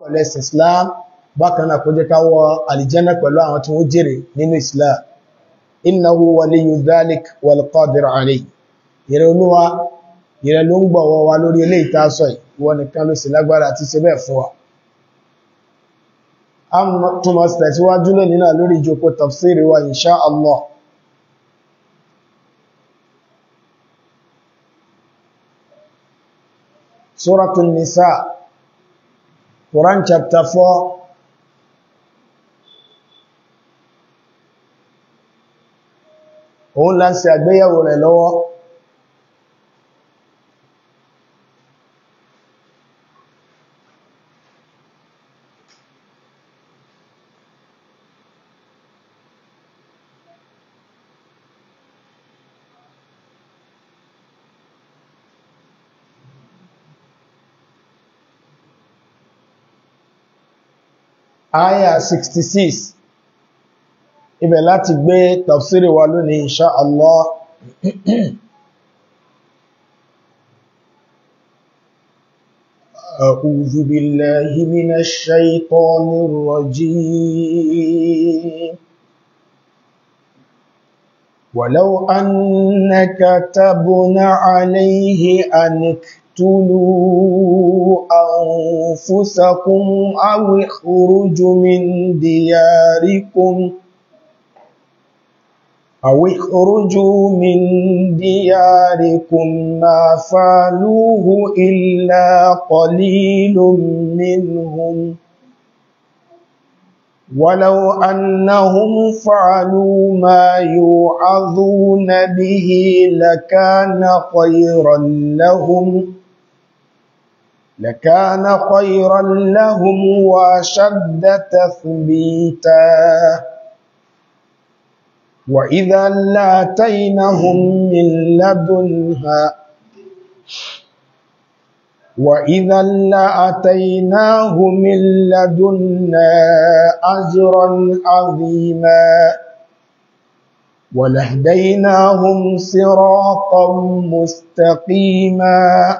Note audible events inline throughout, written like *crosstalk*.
pẹ̀lú ẹ̀sìn Islam bákan náà kó jẹ́ ká wọ àlìjẹ́nà pẹ̀lú àwọn tí wọ́n jèrè nínú Islam innahu waliyyu dhalik wal qadiru alayhi ìrẹ̀ olúwa ìrẹ̀ ló ń gbọ̀wọ́ wa lórí ilé ìtaṣọ́ ìwọ nìkan ló sì lágbára àti ṣe bẹ́ẹ̀ fún wa a Nisa' Quran chapter 4 òun la ń ṣe rẹ̀ lọ́wọ́ aya 66 ibẹ̀ láti gbé tafsiri wa lónìí insha Allah أعوذ بالله من الشيطان الرجيم ولو أنك تبن عليه أنك اقتلوا أنفسكم أو اخرجوا من دياركم أو اخرجوا من دياركم ما فعلوه إلا قليل منهم ولو أنهم فعلوا ما يوعظون به لكان خيرا لهم لكان خيرا لهم واشد تثبيتا واذا لاتينهم من لدنها واذا لاتيناه من لدنا اجرا عظيما ولهديناهم صراطا مستقيما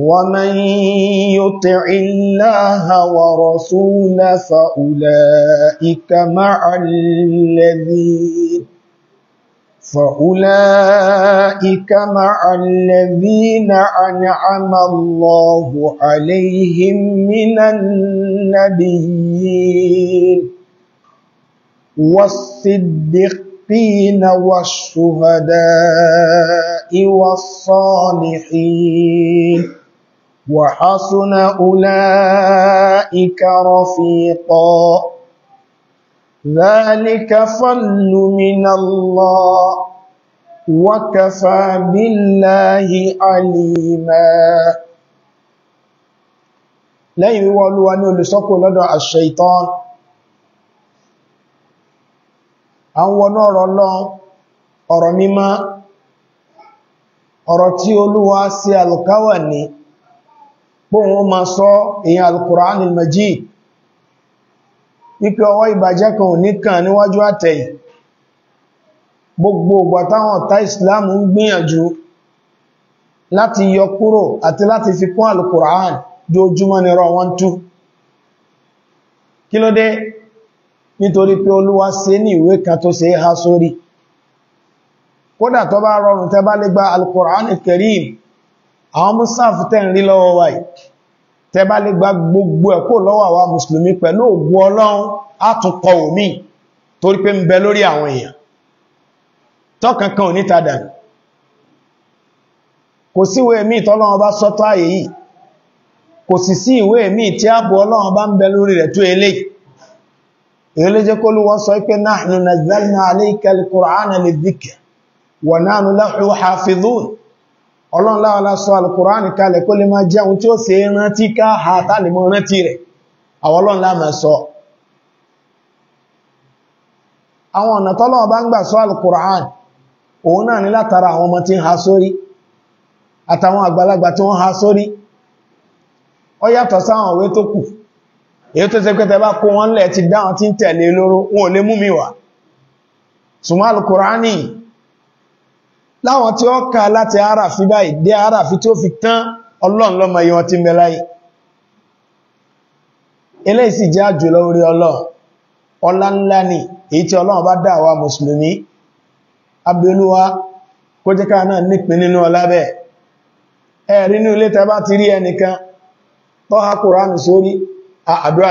ومن يطع الله ورسوله فأولئك مع الذين فأولئك مع الذين أنعم الله عليهم من النبيين والصديقين والشهداء والصالحين وحسن أولئك رفيقا ذلك فضل من الله وكفى بالله عليما lẹ́yìn wíwọ́ olúwa ní olùsọ́kò lọ́dọ̀ àṣẹ̀ìtàn àwọn ọ̀nà ọ̀rọ̀ lọ́n ọ̀rọ̀ mímọ́ ọ̀rọ̀ tí olúwa sí alùkáwà ní bóhun ó máa sọ èyàn al-Qur'an al-Majid wípé ọwọ́ ìbàjẹ́ kan ò ní kàn níwájú àtẹ̀yìn gbogbo ògbà táwọn ọ̀tá Islam ń gbìyànjú láti yọ kúrò àti láti fi kún al-Qur'an dojúmọ́ ni rọ wọ́n tú kí ló dé nítorí pé Olúwa ṣe ní ìwé kan tó ṣe é há sórí kódà tó bá rọrùn tẹ́ bá lè gba al-Qur'an al àwọn mùsáàfù tẹ́ ń rí lọ́wọ́ wa yìí tẹ́ bá lè gba gbogbo ẹ̀ lọ́wọ́ àwa mùsùlùmí pẹ̀lú ọlọ́run omi torí pé ń bẹ lórí àwọn èèyàn tọ́kankan ò níta dànù kò síwé mí tọ́lọ́run bá sọ́tọ́ ààyè yìí kò sì sí ìwé mí tí ààbò ọlọ́run bá ń bẹ lórí rẹ̀ tó jẹ́ kó sọ ọlọ́run láwọ́lá sọ alùkùránì kalẹ̀ kó lè máa jẹ́ ohun tí ó ṣe rántí ká ha tàbí mọ́ rántí rẹ̀ àwọn ọlọ́run láàmà sọ àwọn ọ̀nà tọ́lọ́wọ́ bá ń gbà sọ alùkùránì òun náà ní látara àwọn ọmọ tí ń ha sórí àtàwọn àgbàlagbà tí wọ́n ha sórí ó yàtọ̀ sáwọn e ṣùgbọ́n alùkùránì láwọn tí ó ká láti àràfí báyìí dé fi tí ó fi tán ọlọ́run lọ́mọ yí wọn ti mẹ́ láyé eléyìí jẹ́ àjò lórí ọlọ́run ọlá èyí tí bá mùsùlùmí abẹ́olúwa kó jẹ́ káà náà nípin nínú ọlá bẹ́ẹ̀ ilé bá ti rí ẹnìkan àdúrà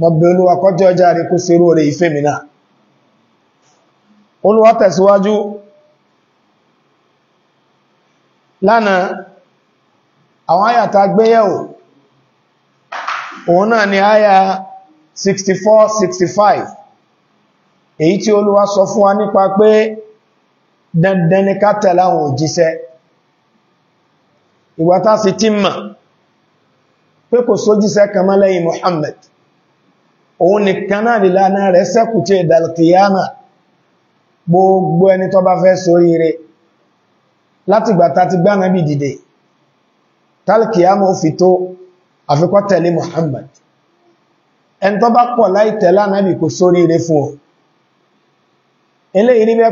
mọ̀bẹ̀ olúwa kọjọ ọjà rí kó serú orí ìfẹ́ mi náà olúwa tẹ̀síwájú lánàá àwọn àyàtà gbéyẹ̀wò òun náà ni àyà 64-65 èyí tí olúwa sọ fún wa nípa pé dandan ni ká tẹ̀lé àwọn òjíṣẹ́ ìwátá sí ti mọ̀ pé kò sójíṣẹ́ kan mọ́ Muhammad òun nìkan náà ìlànà rẹ̀ sẹ́kù tí gbogbo ẹni tó bá fẹ́ ṣoríire látìgbà tá ti gbáná bí dìde tálkìyàmà fi tó àfikọ́ tẹ̀lé Muhammad ẹni tó bá pọ̀ láì tẹ̀lé Ànábì kò ṣoríire fún ọ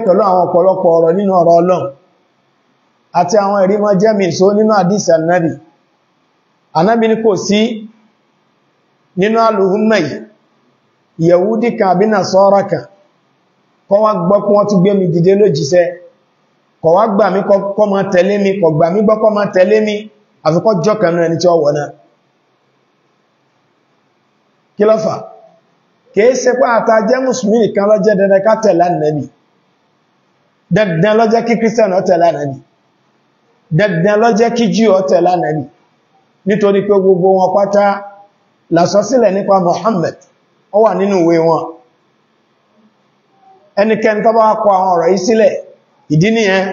pẹ̀lú àwọn ọ̀pọ̀lọpọ̀ ọ̀rọ̀ nínú ọ̀rọ̀ Ọlọ́run àti àwọn jẹ́mì só nínú Ànábì Ànábì ní kò sí yẹ̀wúdí kan àbí Nasara kan kọ́ wá gbọ́ pé wọ́n ti gbé mi dìde lójíṣẹ́ kọ̀ wá gbà mí kọ́ máa tẹ̀lé mi kọ̀ gbà mí gbọ́ kọ́ máa tẹ̀lé mi àfikọ́ jọ kan náà ní tí ó wọ̀ náà kí ló fà kìí ṣe pé àta jẹ́ mùsùlùmí nìkan ló jẹ́ dandan ká tẹ̀lé Ànábì dandan ló kí kírísítẹ̀nì ó tẹ̀lé dandan ló kí jíù ó tẹ̀lé nítorí pé gbogbo wọn pátá làsọsílẹ̀ nípa Muhammad ó wà nínú ìwé wọn ẹnikẹ́ni tó bá kọ àwọn ọ̀rọ̀ yìí sílẹ̀ ìdí nìyẹn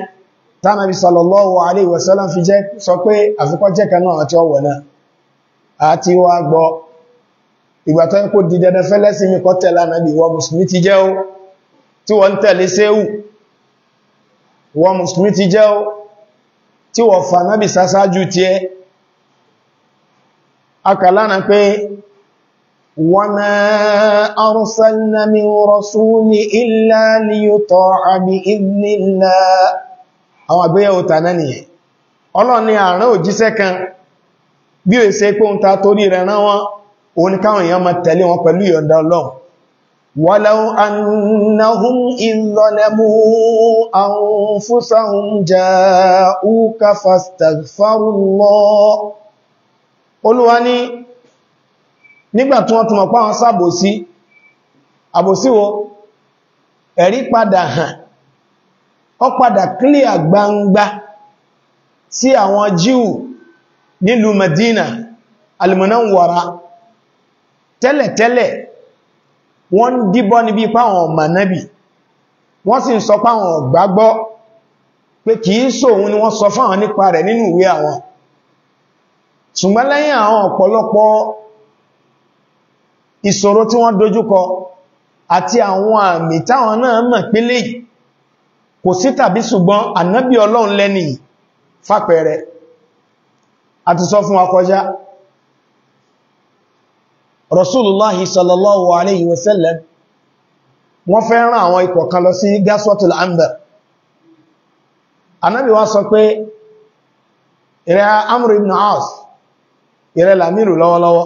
tánàbí sallallahu alaihi wasallam fi jẹ́ sọ pé àfikọ́ jẹ́ kanáà àti ọwọ̀ náà àti wá gbọ́ ìgbà tó ń kó di dandan fẹ́lẹ́ pé وَمَا أَرْسَلْنَا من رسول إلا ليطاع بإذن الله àwọn àgbéyẹ̀wò tàná nìyẹn ọlọ́run ni àrán òjíṣẹ́ kan bí o ṣe pé òun ta torí rẹ̀ rán wọn òun káwọn èèyàn máa tẹ̀lé wọn pẹ̀lú ìyọ̀ǹda ọlọ́run nígbà tí wọ́n túnmọ̀ pàwọn sábòsí àbòsíwọ́ ẹ̀rí padà hàn ó padà clear gbangba sí àwọn jíù nílùú Madina al-Munawwara tẹ́lẹ̀tẹ́lẹ̀ wọ́n díbọ́ níbi páwọn mànábì wọ́n sì ń sọ páwọn gbàgbọ́ pé kìí sóhun ni wọ́n sọ fáwọn nípa rẹ̀ nínú ìwé àwọn ṣùgbọ́n lẹ́yìn àwọn ọ̀pọ̀lọpọ̀ ìṣòro tí wọ́n dojúkọ àti àwọn àmì táwọn náà mọ̀ pínlẹ̀ kò sí tàbí ṣùgbọ́n ànábì ọlọ́run lẹ́ni fàpẹẹrẹ àti sọ fún wa kọjá rasulullahi sallallahu alayhi wa sallam wọ́n fẹ́ rán àwọn ikọ̀ kan lọ sí gaswatul amba ànábì wá sọ pé ìrẹ́ house, ire ìrẹ́ lamiru lọ́wọ́lọ́wọ́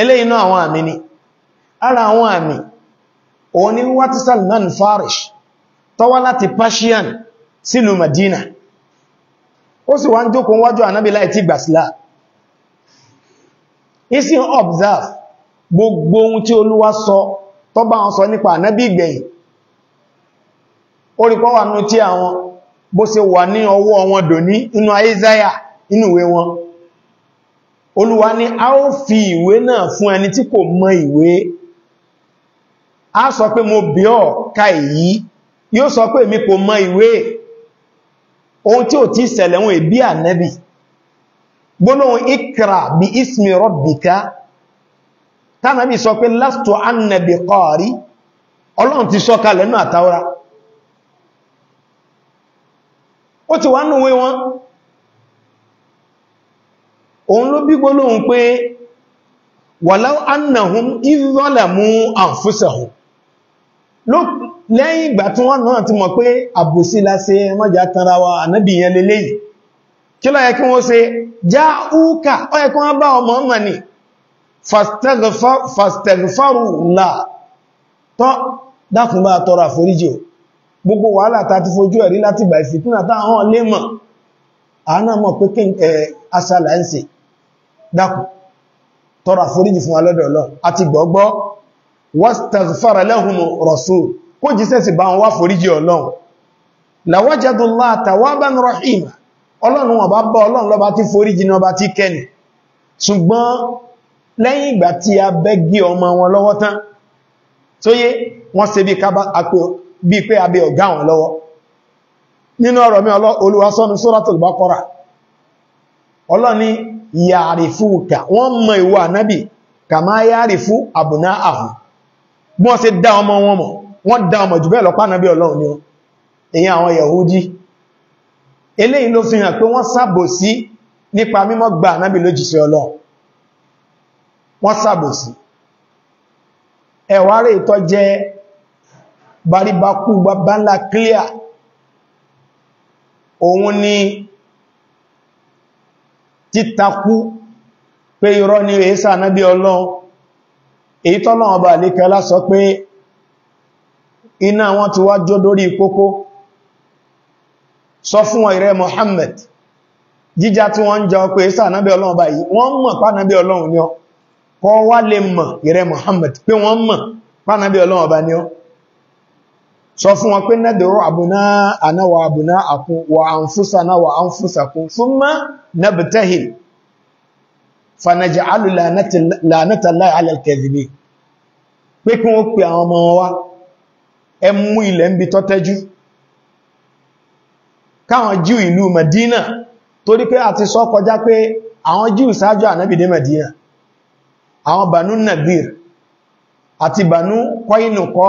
eléyìí náà àwọn àmì ni ara àwọn àmì òun ni wá ti Salman Farish tó wá láti Persian sílùú Madina ó sì wá ń jókòó wájú ànábì tí gbàsílá isi observe gbogbo ohun tí Olúwa sọ tó bá wọn sọ nípa ànábì ìgbẹ̀yìn orípọ̀ wà nú tí àwọn bó ṣe wà ní ọwọ́ wọn dòní inú Aísáyà inú ìwé wọn olúwa ni a ó fi ìwé náà fún ẹni tí kò mọ ìwé a sọ pé mo bí ka ka èyí yóò sọ pé mi kò mọ ìwé ohun tí ò ti ṣẹlẹ̀ ohun ìbí ànẹ́bì gbónáhun ikra bí ismi rọ́bìká tánàbí sọ pé lásìtò annẹ̀bì kọ́ọ̀rí ọlọ́run ti sọ kalẹ̀ náà àtàwọ́ra ó ti wá nùwé wọn òun ló bí gbólóhùn pé walau annahum idh-dhalamu anfusahum lẹ́yìn ìgbà tí wọ́n náà ti mọ̀ pé àbòsí lásẹ mọ́já tanra wa ànábì yẹn lélẹ́ yìí kí ló yẹ kí wọ́n ṣe já úkà ó yẹ kí wọ́n bá ọmọ ọmọ ni fastaghfaru la tọ́ ń ṣe dákù tọrọ àforíjì fún alọ́dọ̀ lọ àti gbọ́gbọ́ wastaghfara lahum rasul kó jíṣẹ́ sì bá wọn wá foríjì ọlọ́run lawajadu Allaha tawwaban rahima ọlọ́run wọn bá bọ́ ọlọ́run lọ́ba tí foríjì náà bá ti kẹ́ni ṣùgbọ́n lẹ́yìn ìgbà tí a bẹ́gí ọmọ wọn lọ́wọ́ tán tó yé wọ́n ṣe bí pé abẹ́ ọ̀gá wọn lọ́wọ́ nínú ọ̀rọ̀ mi Olúwa sọ ní yàrífúkà wọ́n mọ̀ ìwọ ànábì kàmá yàrífú àbùná àhù bí wọ́n ṣe dá ọmọ wọn mọ̀ wọ́n dá ọmọ jù bẹ́ẹ̀ lọ́pàá ànábì ọlọ́run ni èyàn àwọn yahudi eléyìí ló fi hàn pé wọ́n ṣàbòsí nípa mímọ́ gba ànábì lójíṣẹ́ ọlọ́run wọ́n ṣàbòsí ẹ̀wà rẹ̀ ìtọ́ jẹ́ baríbakú bá clear òun títakú pé irọ́ ni èésà nábí ọlọ́run èyí tọ́lọ́run ọba àlékẹ́lá sọ pé iná wọn ti wá jó dórí kókó sọ fún ọ̀rẹ́ Muhammad jíjá tí wọ́n ń jọ pé èésà nábí ọlọ́run ọba yìí wọ́n mọ̀ pánábí ọlọ́run ni ọ kọ́ wá lè mọ̀ ìrẹ́ Muhammad pé wọ́n mọ̀ pánábí ọlọ́run ọba ni ọ sọ fún wọn pé nẹ́dẹ̀rọ àbúná ànáwà àbúná àkún wà àǹfúsà náwà àǹfúsà kún fún mọ́ nẹ́bẹ̀tẹ́hì fanajà alù lánàtàlá alẹ́kẹ̀ẹ́dìbì pé kí wọ́n pè àwọn ọmọ wa ẹ mú ilẹ̀ ń jíù Madina torí pé àti sọ kọjá pé àwọn jíù sáájú ànábìdé Madina àwọn bànú Nadir àti bànú kọ́ínù kọ́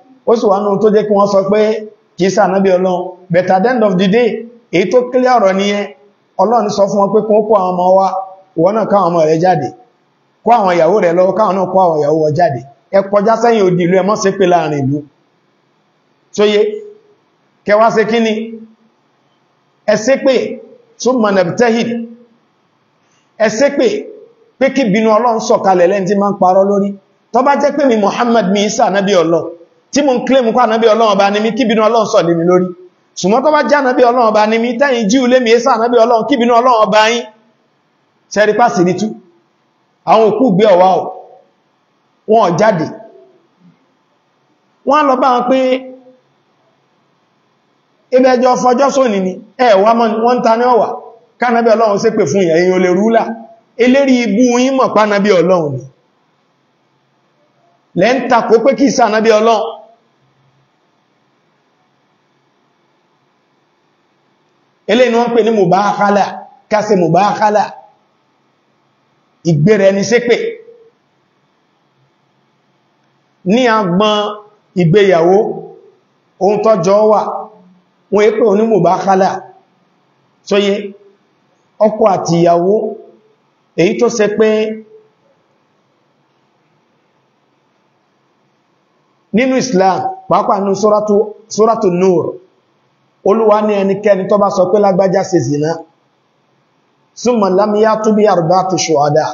ó sì wá nínú tó jẹ́ kí wọ́n sọ pé kì í sànábí ọlọ́run but at the end of the day èyí tó kílẹ̀ ọ̀rọ̀ nìyẹn ọlọ́run sọ fún wọn pé kún kó àwọn ọmọ wa wọ́n náà káwọn ọmọ rẹ̀ jáde kó àwọn ìyàwó rẹ̀ lọ́wọ́ káwọn náà kó àwọn ìyàwó wọn jáde ẹ kọjá sẹ́yìn òdì ìlú ẹ mọ́ sí pé láàrin ìlú tóye kẹwàá ṣe kí ni ẹ ṣe pé tún manabtahid ẹ ṣe pé pé kí bínú ọlọ́run sọ̀kalẹ̀ lẹ́ni tí máa ń parọ́ lórí tó bá jẹ́ pé mi Muhammad mi Isa nábì ọlọ́run tí mo ń claim kó ànábí ọlọ́run bá ní mi kíbinú ọlọ́run sọ̀ lé mi lórí ṣùgbọ́n tó bá jẹ́ ànábí ọlọ́run bá ní mi tẹ́yìn jíù lé mi ẹ́sà ànábí ọlọ́run kíbinú ọlọ́run bá yín sẹ́rí pàṣẹ nítú àwọn òkú gbé ọ̀wá ọ̀ wọn jáde wọ́n lọ bá wọn pé ibẹ̀jọ fọjọ́ sóní ni ẹ̀wà wọ́n ta ní ọwà kánábí ọlọ́run sí pè fún ẹ̀yin olè rúlà eléri ibú yín mọ̀ pánábí ọlọ́run ni lẹ́ntàkó pé kìí sánábí ọlọ́run eléyìn wọ́n pè ní mùbáhálà kásẹ̀ mùbáhálà ìgbèrè ẹni ṣépè ní agbọn ìgbéyàwó ohun tọ́jọ́ wà wọ́n èpè oní mùbáhálà sóyé ọkọ àti ìyàwó èyí tó ṣe pé nínú Islam pàápàá nínú Suratu Nur olúwa ní ẹnikẹ́ni tó bá sọ pé lágbájá ṣe zìnà súnmọ̀ lámíyá tó bí àrùbá tó ṣòhádà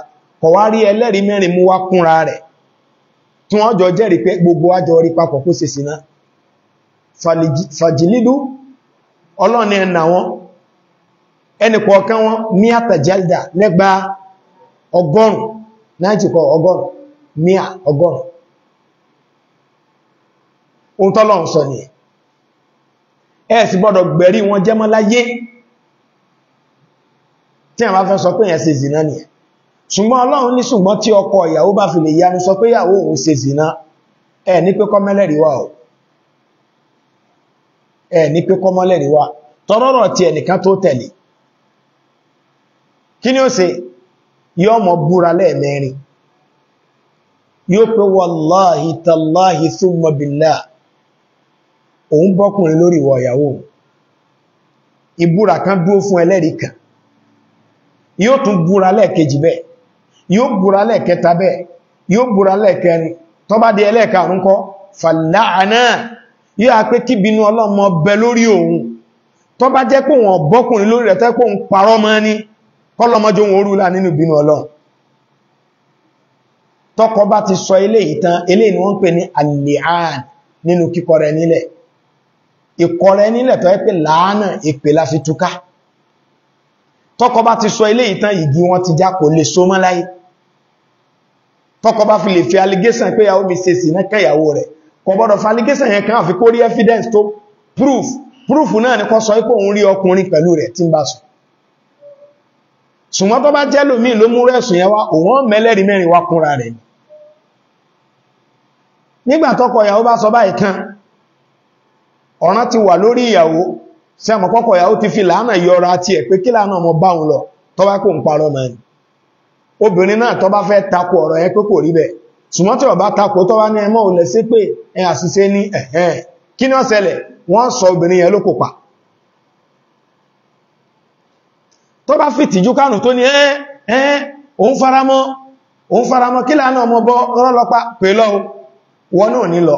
rí ẹlẹ́rìí mẹ́rin mú wá kúnra rẹ̀ jọ pé gbogbo àjọ orí papọ̀ kó ṣe zìnà fàjìlídú ọlọ́ni wọn E si gbọdọ gbẹ̀rí wọn jẹ́mọ́ láyé tí a bá fẹ́ sọ pé yẹn ṣe zìnà ni ṣùgbọ́n ọlọ́run ní ṣùgbọ́n tí ọkọ ìyàwó bá fi sọ pé ìyàwó òun ṣe zìnà ẹ ní pé kọ́mọ́lẹ́rìíwá o ẹ tọrọrọ ti ẹnìkan tó tẹ̀lé kí ó mọ̀ búra lẹ́ẹ̀mẹ́rin yóò pé òun bọ́kùnrin lórí ìwọ ìyàwó ìbúra kan dúó fún ẹlẹ́rìí kan yóò tún búra lẹ́ẹ̀kejì bẹ́ẹ̀ yóò búra lẹ́ẹ̀kẹta bẹ́ẹ̀ yóò búra lẹ́ẹ̀kẹrin tó bá di ẹlẹ́ẹ̀ka àrùn kọ́ fàlàánà yóò a pé kíbinú ọlọ́mọ bẹ lórí òun tó bá jẹ́ kóhun ọ̀bọ́kùnrin lórí rẹ̀ tẹ́ kóhun parọ́ mọ́ ní kọ́lọmọjọ́ òun orúlà nínú ìbínú tọ́kọ bá ti sọ eléyìí tán eléyìí ni wọ́n pè ní àlìhàn nínú kíkọ rẹ̀ nílẹ̀ ìkọrẹ nílẹ̀ tó ẹ́ pé láánà ìpè la fi túká tọ́kọ bá ti sọ ilé ìtàn ìgi wọn ti já kò lè so mọ́ láyé tọ́kọ bá fi lè fi allegation pé yàwó mi ṣe sì náà kẹyàwó rẹ̀ kò gbọ́dọ̀ fi allegation yẹn kan àfi kó rí evidence tó proof proof náà ni kó sọ pé òun rí ọkùnrin pẹ̀lú rẹ̀ tí ń bá sùn ṣùgbọ́n tó bá jẹ́ lòmíì ló mú rẹ̀sùn yẹn wá òun mẹ́lẹ́rìí mẹ́rin wá kúnra rẹ̀ nígbà tọ́kọ ìyàwó bá sọ báyìí kan ọ̀ràn ti wà lórí ìyàwó sí àmọ́ pọ́kọ̀ ìyàwó ti fi làánà yọra ti ẹ̀ pé kí làánà ọmọ bá òun lọ tó bá kò ń parọ́ mọ́ ẹni obìnrin náà tó bá fẹ́ takò ọ̀rọ̀ yẹn pé kò rí bẹ́ẹ̀ ṣùgbọ́n tí ó bá takò tó bá ní ẹmọ́ òun lẹ̀ sí pé ẹ àṣìṣe ní ẹ̀hẹ́n kí ni ó wọ́n sọ obìnrin yẹn ló kò pa tó bá fi tìjú kánù tó ní ẹ́ ẹ́ òun faramọ́ òun faramọ́ kí làánà ọmọ bọ́ rọ́lọ́pá pè lọ́wọ́ wọn náà ní lọ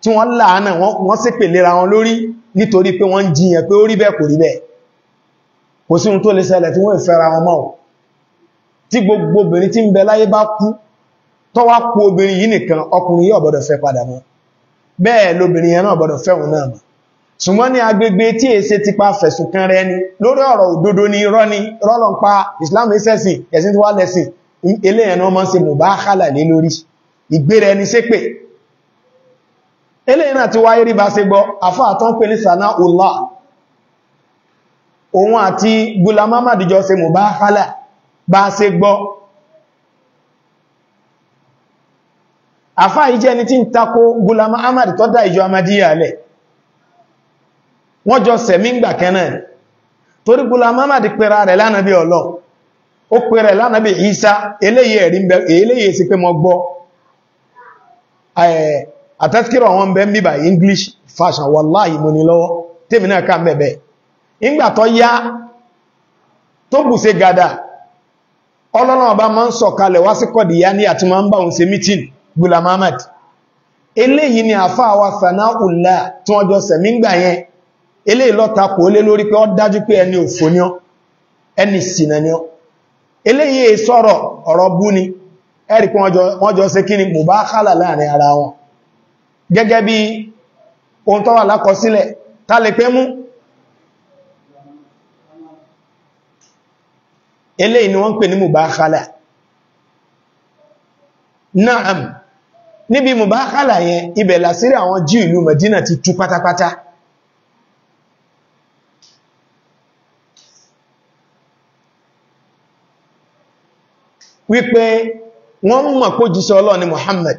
tí wọ́n láàánà wọ́n ṣépè lera wọn lórí nítorí pé wọ́n jiyàn pé ó rí bẹ́ẹ̀ kò rí bẹ́ẹ̀ kò sí ohun tó lè ṣẹlẹ̀ tí wọ́n ìfẹ́ra wọn mọ́ tí gbogbo obìnrin tí ń bẹ láyé bá kú tó wá kú obìnrin yìí nìkan ọkùnrin yóò gbọ́dọ̀ fẹ́ padà mọ́ bẹ́ẹ̀ lóbìnrin yẹn náà gbọ́dọ̀ fẹ́hùn náà mọ́ ṣùgbọ́n ní agbègbè tí èsẹ ti pa fẹ̀sùn kan rẹ̀ ni lórí ọ̀rọ̀ òdodo ni irọ́ ni rọ́lọ̀ ń pa Islam ẹsẹ̀sìn ẹ̀sìn tí wá lẹ́sìn eléyàn náà mọ́ ṣe mùbáhálà lé lórí ìgbéra ẹni ṣépè eléyìn náà ti wáyé rí bá ṣe gbọ́ àfá àtán pè ní sànà ọlá òun àti gulamama dìjọ ba mọ̀ bá hálà bá ṣe gbọ́ àfá ìjẹ́ ni tí ń gulama ahmad tó dá ìjọ amadíyà lẹ̀ wọ́n jọ sẹ̀mí ń gbà gulama ahmad pẹ̀rà rẹ̀ lánàbí ọlọ́ ó pẹ̀rẹ̀ lánàbí Ìsá eléyìí àtẹ́síkírọ̀ wọn bẹ́ mìbà english fashion wallahi mo ní lọ́wọ́ tèmi náà ká mẹ́bẹ̀ ìgbà yá tó bùse gada ọlọ́nà ọba ma ń sọ̀kalẹ̀ wá sí kọ̀dìyà ní àti ma ń bá òun ṣe mítíìn Gula Muhammad eléyìí ni àfáà wa Sanaullah tí wọ́n jọ sẹ̀mí ń gbà yẹn eléyìí lọ́ta kò lé lórí pé ó dájú pé ẹni òfò ní ọ ẹni sìnà ní ọ eléyìí sọ̀rọ̀ ọ̀rọ̀ bú ni ẹ̀rì pé wọ́n jọ ṣe kí ni mùbáhálà láàrin ara wọn gẹ́gẹ́ bí ohun tó wà lákọsílẹ̀ tá lè pé mú eléyìí ni wọ́n pè ní mùbáhálà naam níbi mùbáhálà yẹn ibẹ̀ làsírí àwọn jí ìlú Madina ti tú pátápátá wípé wọ́n mọ̀ kó jíṣẹ́ Ọlọ́run ni Muhammad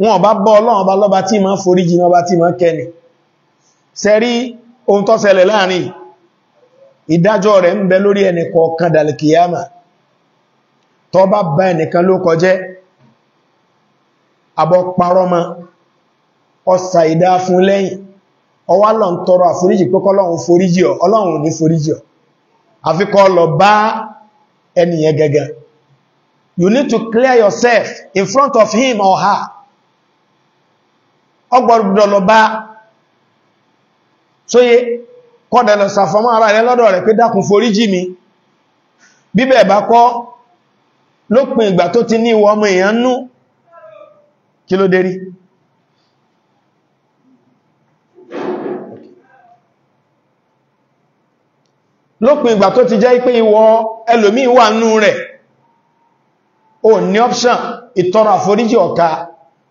wọn ọba bọ́ ọlọ́run ọba lọ́ba tí ma ń forí ọba tí ma ń kẹni sẹ́rí ohun tó ṣẹlẹ̀ láàrin ìdájọ́ rẹ̀ ń bẹ lórí ẹnìkan kan bá bá ẹnìkan ló kọjẹ́ abọ́ ọsà ìdá fún lẹ́yìn ọwá lọ ń tọrọ àforíjì ọlọ́run you need to clear yourself in front of him or her ọgbọ̀rọ̀ lọ bá sóyé kọ́dẹ̀lọ sàfọ́mọ́ ara rẹ lọ́dọ̀ rẹ̀ pé dákun foríjì mi bíbẹ̀ bá kọ́ lópin ìgbà tó ti ní ìwọ ọmọ èèyàn nú kí ló dérí lópin ìgbà tó ti jẹ́ pé ìwọ ẹlòmí wà nú rẹ̀ ò ní option ìtọrọ àforíjì ọ̀ka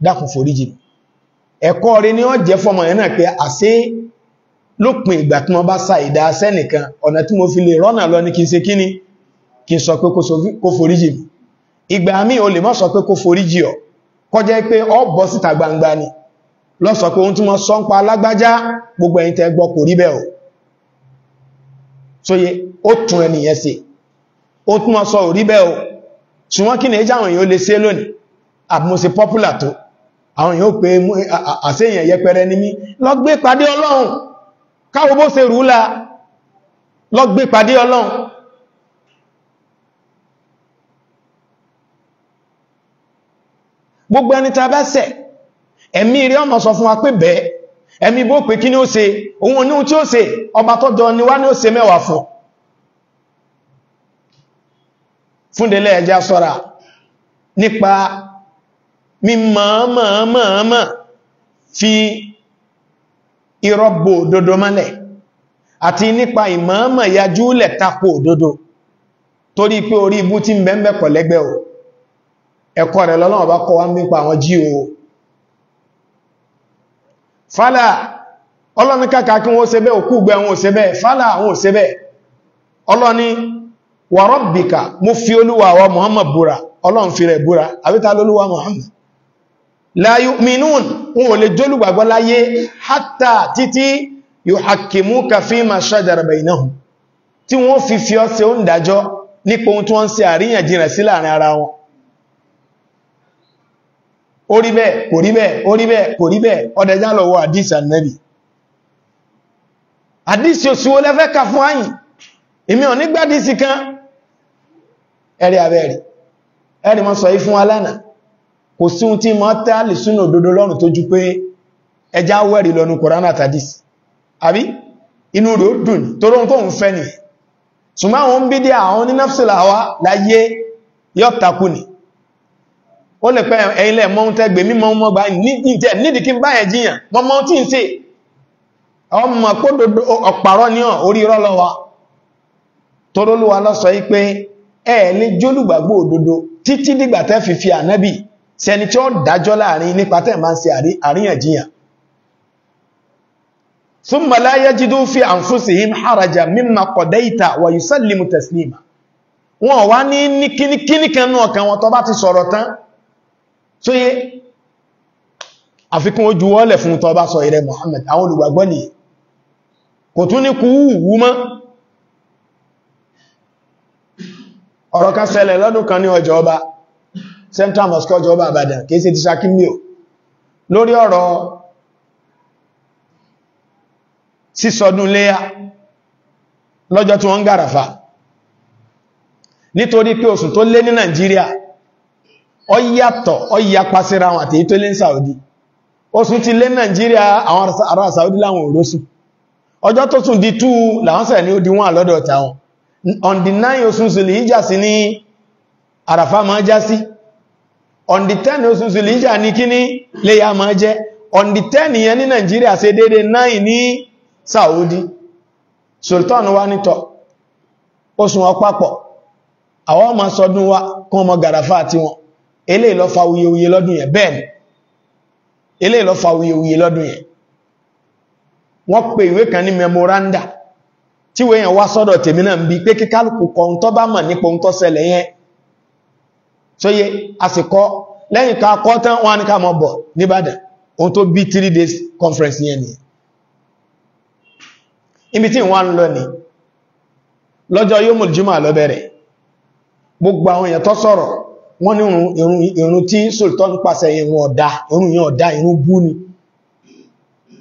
dákun foríjì ẹ̀kọ́ rí ní ọjẹ́ fọmọ ẹ̀ náà pé àṣé lópin ìgbà tí wọ́n bá sa ìdá sẹ́nìkan ọ̀nà tí mo fi lè rọ́nà lọ ní kí n ṣe kíní kí n sọ pé kó foríjì ìgbà míì o lè mọ́ sọ pé kó foríjì ọ kọjá pé ọ bọ́ síta gbangba ni lọ pé ohun tí wọ́n sọ ń pa alágbájá gbogbo ẹ̀yin tẹ́ gbọ́ kò rí bẹ́ẹ̀ o sóye ó tún ẹnìyẹn ṣe ó tún wọ́n sọ ò rí bẹ́ẹ̀ o ṣùgbọ́n kí ni ẹjáwọn èèyàn lè ṣe lónìí àbúmọ̀ṣe popular tó àwọn èèyàn pé àṣẹ́yàn yẹpẹrẹ ní mí lọ gbé pàdé ọlọ́run káwọ bó ṣe rúúlà lọ gbé pàdé ọlọ́run gbogbo ẹni ta bá ẹ̀mí rí ọmọ sọ fún wa pé bẹ́ẹ̀ ẹ̀mí bó pé kí ní ó ṣe òun oníhun ó ṣe ọba ni wá ní ó mímọ̀ mọ̀ fi ìrọ́bò òdodo mọ́lẹ̀ àti nípa ìmọ̀ọ́mọ̀ yajú lẹ̀ tapo òdodo torí pé orí ibú tí ń bẹ́m̀bẹ̀ pọ̀lẹ́gbẹ́ o ẹ̀kọ́ rẹ̀ ọba nípa àwọn jí mú fi olúwa Muhammad ọlọ́n fi rẹ̀ bura àbítà lólúwa Muhammad láyú minún wọn ò lè jólùgbàgbọ́ láyé hátà títí yóò kàfí ma ṣájára bẹ̀ iná tí wọ́n fi fi ọ́sẹ̀ ó ń dájọ́ nípa ohun tí wọ́n ń ṣe àríyànjiyàn sí láàrin ara wọn ó rí bẹ́ẹ̀ kò rí bẹ́ẹ̀ ó rí bẹ́ẹ̀ kò rí ọdẹjá lọ́wọ́ àdísì ànẹ́bì àdísì òsùwò lẹ́fẹ́ ká fún àyìn èmi ò kan ẹ̀rì àbẹ̀rì ẹ̀rì mọ́ sọ yí fún kò sí ohun tí máa tẹ́ àlè súnà òdodo lọ́rùn tó ju pé ẹjá wẹ́rì lọ́nu Kùránì àtàdís àbí inú rẹ̀ ó dùn tó rọ́n tó ń fẹ́ ni ṣùgbọ́n àwọn bídí àwọn ní nafsula wa láyé yọ́takú ni ó lè pẹ́ ẹ̀yìnlẹ̀ mọ́úntẹ́gbẹ̀ mímọ́ mọ́gbà nídìí kí n báyẹ̀ jiyàn mọ́ mọ́tí ń se ọmọ kódòdó títí dìgbà tẹ́ fi fi ànábì sí ẹni tí ó dájọ́ láàrin nípa tẹ́ máa ń ṣe àríyànjiyàn thumma la yajidu fi anfusihim haraja mimma qadaita wa yusallimu taslima wọn wá ní ní kíníkíní kan náà kan wọn tó bá ti sọ̀rọ̀ tán tó yé àfikún ojú wọ́lẹ̀ fún tó bá sọ ìrẹ Muhammad àwọn olùgbàgbọ́ ọ̀rọ̀ kan ṣẹlẹ̀ lọ́dún kan ní ọjọ́ ọba central mosque ọjọba àbàdàn kìí ṣe ti ṣakímí o lórí ọ̀rọ̀ sísọdún lọ́jọ́ tí wọ́n ń gàràfà nítorí pé oṣù tó lé ní Nàìjíríà ó yàtọ̀ wọn àti tó lé ní Saudi oṣù ti lé Nàìjíríà àwọn ará Saudi láwọn òrósù ọjọ́ tó di 2 làwọn ní 1 on the 9 sí ní àràfà máa on the 10 oṣù Zulhijjah ní kíní lè yà máa jẹ́ on the 10 yẹn ní nigeria ṣe dédé 9 ní Saudi Sultan wa nítọ̀ oṣù wọn papọ̀ àwọn ọmọ sọdún wa kún ọmọ gàràfà àti wọn elé ló wuyewuye lọ́dún yẹn bẹ́ẹ̀ elé wuyewuye lọ́dún yẹn wọ́n pe ìwé kan ní memoranda tí wéyàn wá sọ́dọ̀ tèmi náà ń bi pé kíkálùkù yẹn sóyé àsìkọ́ lẹ́yìn ká kọ́ tán wọ́n ní ká mọ́ bọ̀ níbàdàn ohun tó bí 3 days conference yẹn ni ibi tí wọ́n ń lọ ní lọ́jọ́ yóò mú jímọ̀ lọ́bẹ̀rẹ̀ gbogbo àwọn èèyàn tó sọ̀rọ̀ wọ́n ní irun tí sultan pàṣẹ irun ọ̀dá irun yẹn ọ̀dá irun bú ni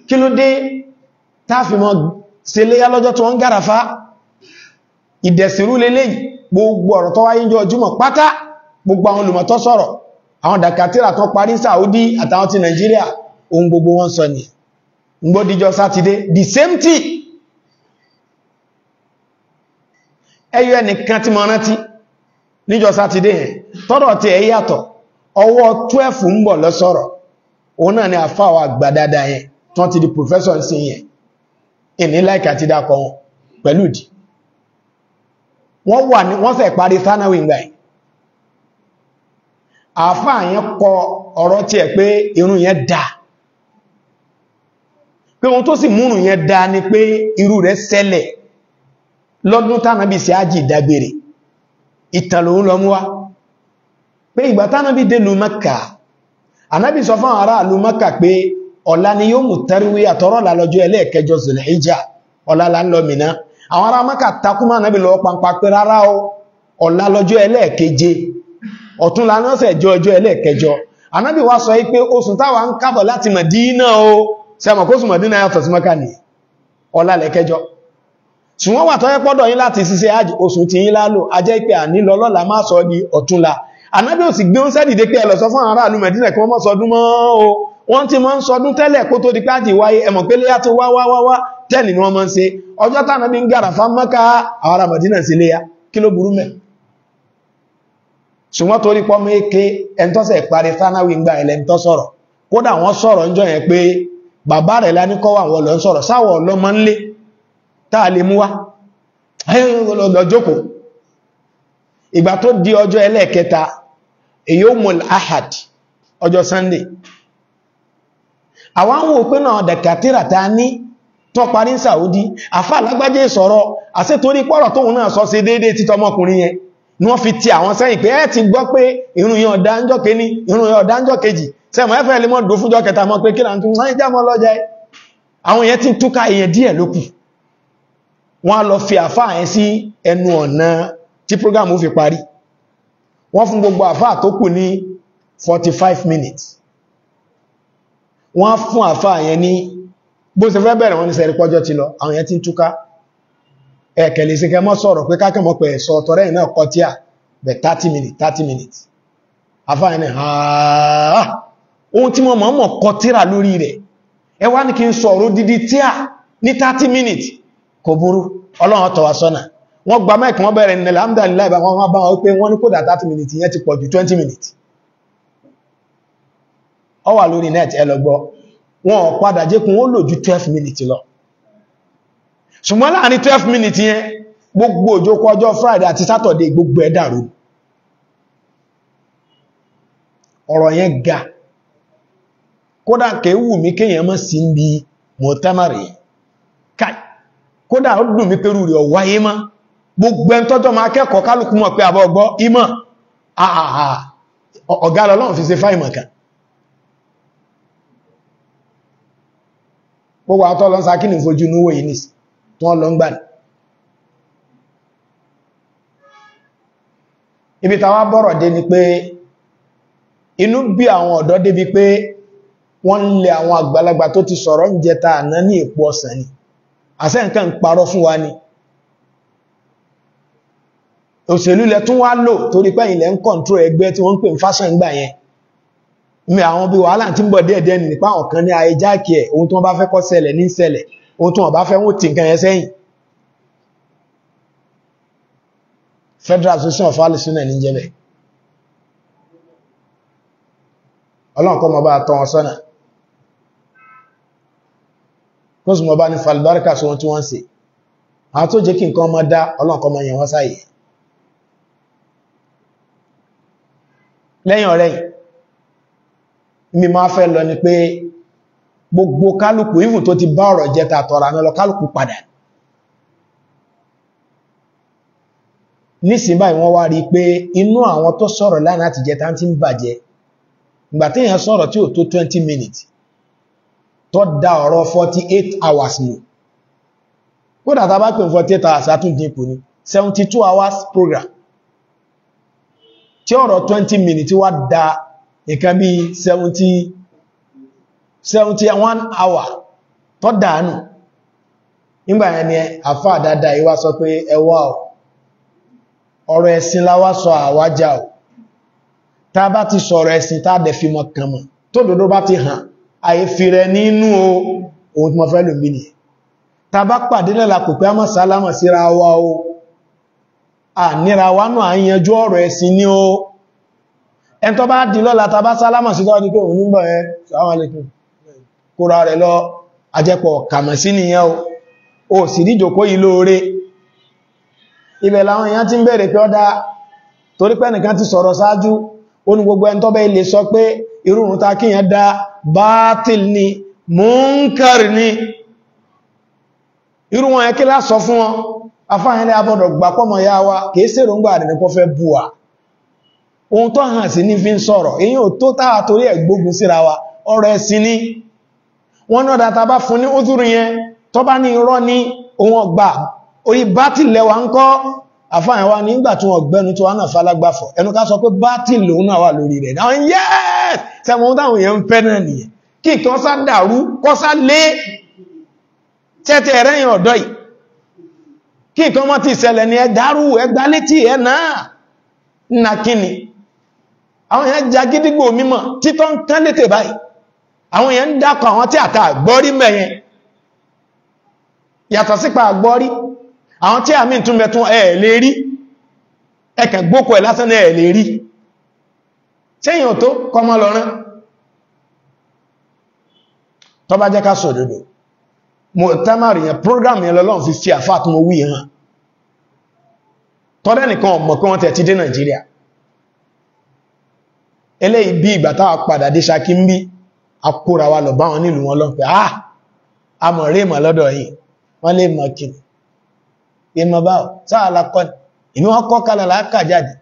kí ló dé táàfimọ̀ ṣe léyá gbogbo ọ̀rọ̀ tó jọ jímọ̀ pátá gbogbo àwọn olùmọ̀tọ́ sọ̀rọ̀ àwọn dàkàtírà tó parí àtàwọn ti Nàìjíríà ohun gbogbo wọn sọ ni ngbódíjọ́ sátidé the same thing ẹyọ ẹnìkan tí mo rántí sátidé yẹn tọ́rọ̀ ti ẹ ọwọ́ 12 ń bọ̀ lọ sọ̀rọ̀ òun náà ni àfáwà gbadada yẹn tán ti wọn pẹ̀lú ìdí wọ́n wà ní wọ́n àfá àyẹn kọ ọ̀rọ̀ tí ẹ̀ pé irun yẹn dá pé ohun tó sì múrù yẹn dá ni pé irú rẹ̀ ṣẹlẹ̀ lọ́dún tánàbí sí ájì ìdágbèrè ìtàn pé ìgbà tánàbí dé lu ànábì sọ fún ara lu pé ni yóò mú tẹ́rìwé àtọ́rọ̀ lálọ́jọ́ ẹlẹ́ẹ̀kẹjọ àwọn ará ànábì rárá lọ́jọ́ ọ̀tún lánàṣẹ̀ jọ ọjọ́ ẹlẹ́ẹ̀kẹjọ anábì wá sọ wípé oṣù táwa ń kábọ̀ láti Mẹ̀dínà o sẹ́mọ̀ kó sùn Mẹ̀dínà yàtọ̀ sí Mẹ́kà ní ọ̀la lẹ́kẹjọ ṣùgbọ́n wà tọ́yẹ́ pọ́dọ̀ yín láti oṣù yín lálò ajẹ́ sọ anábì ò sì gbé dìde pé ẹlọ́sọ fún Mẹ̀dínà o wọ́n ti mọ́ ń sọdún tẹ́lẹ̀ kó tó di pé ẹmọ̀ pé léyà tó wá wá wá wá ṣùgbọ́n torí pọ́ mú ike ẹntọ́sẹ̀ parí sánáwì ń gba ilẹ̀ ń tọ́ sọ̀rọ̀ kódà wọ́n sọ̀rọ̀ ń jọ yẹn pé bàbá rẹ̀ láníkọ́wà wọ́n lọ sọ̀rọ̀ sáwọ̀ ọlọ́mọ ńlé táà lè mú wá lọ́jọ́kò ìgbà tó di ọjọ́ ẹlẹ́ẹ̀kẹta èyómùl ahad ọjọ́ sunday àwọn àwọn òpin náà dẹ̀kàtírà ta ní tó parí ń Saudi àfà alágbájé sọ̀rọ̀ àṣẹ torí pọ́rọ̀ tóun náà sọ sí déédéé títọmọkùnrin yẹn ní wọ́n fi ti àwọn sẹ́yìn pé ẹ ti gbọ́ pé irun yẹn ọ̀dá ń jọ́ kéní irun yẹn ọ̀dá ń jọ́ kejì sẹ́mọ̀ ẹ́fẹ́ lè mọ́ dùn fúnjọ́ kẹta mọ́ pé kí là ń tún láì jámọ́ lọ́jà ẹ́ àwọn yẹn ti ń túká díẹ̀ lókù wọ́n lọ fi àfáà sí ẹnu ọ̀nà tí program fi parí wọ́n fún gbogbo àfáà tó kù ní 45 minutes wọ́n á fún àfáà yẹn ní bó ṣe fẹ́ bẹ̀rẹ̀ wọ́n ní sẹ́rí pọ́jọ́ ti lọ àwọn yẹn ti ń ẹ̀kẹ̀lẹ̀ sí kẹmọ́ sọ̀rọ̀ pé kákẹmọ́ pẹ̀ sọ tọrẹ ìná ọkọ̀ tí à bẹ̀ 30 minutes 30 minutes afáàní àà ohun tí mo mọ̀ mọ̀ kọ tíra lórí rẹ̀ ẹ wá ní kí n sọ̀rọ̀ dídí tí à ní 30 minutes kò burú ọlọ́run tọ́ sọ́nà wọ́n gba wọ́n bẹ̀rẹ̀ nílẹ̀ wọn bá wọ́n ṣùgbọ́n láàrin 12 minutes yẹn gbogbo òjòkó ọjọ́ Friday àti Saturday gbogbo ẹ̀ dàrú ọ̀rọ̀ yẹn ga kódà kèéwù mi kéèyàn mọ́ sí ibi mọ̀tẹ́mọ̀rì káì kódà ó dùn mí pẹ̀lú rẹ̀ wáyé mọ́ gbogbo ẹn tọ́jọ́ máa kẹ́kọ̀ọ́ kálukú mọ̀ pé ọ̀gá lọ́lọ́run fi fáìmọ̀ kan gbogbo àtọ́lọ́nsá kí ni fojú núwò yìí nìsí tí wọ́n lọ ń gbà ní ibi tàwà bọ́rọ̀ dé ni pé inú bí àwọn ọ̀dọ́ débi pé wọ́n ń lé àwọn àgbàlagbà tó ti sọ̀rọ̀ ń jẹta àná ní èpo ọ̀sán ni àṣẹ nǹkan ń parọ́ fún wa ni òṣèlú lẹ tún wá lò torí pé ilẹ̀ ń kọ̀ntró ẹgbẹ́ tí wọ́n ń pè ń fásán gbà yẹn mi àwọn bí wàhálà tí ń bọ̀ díẹ̀díẹ̀ nípa àwọn ní ayé jáàkì ohun tí wọ́n bá fẹ́ kó ṣẹlẹ̀ ní ṣẹlẹ̀ ohun tó wọ́n bá fẹ́ wọ́n ti nǹkan yẹn Federal Association of Alisuna ní jẹ́bẹ̀ ọlọ́nkọ́ mọ́ bá tọ́ wọn sọ́nà kó sì mọ́ bá ní falibarika sọ ohun tí wọ́n ṣe àwọn tó jẹ́ kí nǹkan mọ́ dá ọlọ́nkọ́ mọ́ yẹn wọ́n sáyé lẹ́yìn ọ̀rẹ́yìn mi máa fẹ́ lọ ni pé gbogbo kálùkù ìfún tó ti bá ọ̀rọ̀ jẹta àtọ̀rà náà lọ kálùkù padà nísìn báyìí wọ́n wá rí pé inú àwọn tó sọ̀rọ̀ lánàá àti jẹta ti ń bàjẹ́ ìgbà téèyàn sọ̀rọ̀ tí ò tó 20 minutes tó da ọ̀rọ̀ 48 hours nù kódà tá bá pè 48 hours àtúndínkù ni 72 hours program tí ọ̀rọ̀ 20 minutes wá da nǹkan bí 71 hour tó dànù nígbà yẹn ni àfá àdáadáa ìwá sọ pé ẹwà ọ̀ ọ̀rọ̀ ẹ̀sìn láwá sọ àwájá ọ̀ tá bá ti sọ̀rọ̀ ẹ̀sìn tá dẹ̀ fi mọ̀ kàn mọ̀ tó dòdó bá ti hàn àyè fi rẹ nínú ohun tí mo fẹ́ lò mí nìyẹn tá bá pàdé lẹ́la kò pé a sálámọ̀ síra wa o àníra wa náà à ń yanjú ọ̀rọ̀ ẹ̀sìn ni o ẹn bá di lọ́la tá bá sálámọ̀ sí tọ́ kụra rẹ̀ lọ ajẹ́pọ̀ kàmọ̀sí nìyẹn o ò sì rí jòkó yìí lóore ibẹ̀ làwọn èèyàn ti ń ọ pé torí pé ti sọ̀rọ̀ sáájú ó ní gbogbo ẹntọ́bẹ̀ sọ pé irúrùn ta kíyàn dá ni múnkàrì ni fún wọn abọ́dọ̀ gbà pọ́mọ̀ ya wa kìí sèròǹgbà rẹ̀ nípọ́ fẹ́ búwa ohun tó hàn sí ní fi ń sọ̀rọ̀ èyí ò tó táà ni wọ́n náà dáta bá fún ní ózúrù yẹn tó bá ní irọ́ ní ohun ọgbà orí bátìlẹ̀ wà ń kọ́ àfáàyàn wa nígbà tí wọ́n gbẹ́nu tó wá náà falágbàfọ̀ ẹnu ká sọ pé bátìlẹ̀ òun náà wà lórí rẹ̀ náà yẹ́ẹ̀ sẹ́wọ̀n táwọn èèyàn ń fẹ́ náà nìyẹn kí kan sá dàrú kọ́ sá lé àwọn èèyàn jagídígbò mímọ̀ títọ́ ń kán létè báyìí àwọn èèyàn ń dákọ̀ àwọn tí àtà àgbọ́rí mẹ́yẹn yàtọ̀ sípa àgbọ́rí àwọn tí àmì ìtún mẹ́tún ẹ̀ lè rí ẹkẹ̀ gbókò ẹ̀ lásán ẹ̀ lè rí tíyàn tó kọmọ lọ́rán tó bá jẹ́ ká sọ òdodo mo tamari yẹn program yẹn lọ́lọ́n fi fi àfáà tó mo wí hàn tọ́dẹ́ nìkan ọmọ kí wọ́n tẹ̀ ti dé Nàìjíríà eléyìí bí ìgbà táwà padà dé Ṣakí akóra wa lọ báwọn nílùú wọn lọ́pẹ́ ah a mọ̀ rí ìmọ̀ lọ́dọ̀ yìí wọ́n lè mọ̀ kí ìmọ̀ báwọ̀ sáà lakọ́ ìmí wọ́n kọ́ láàkà jáde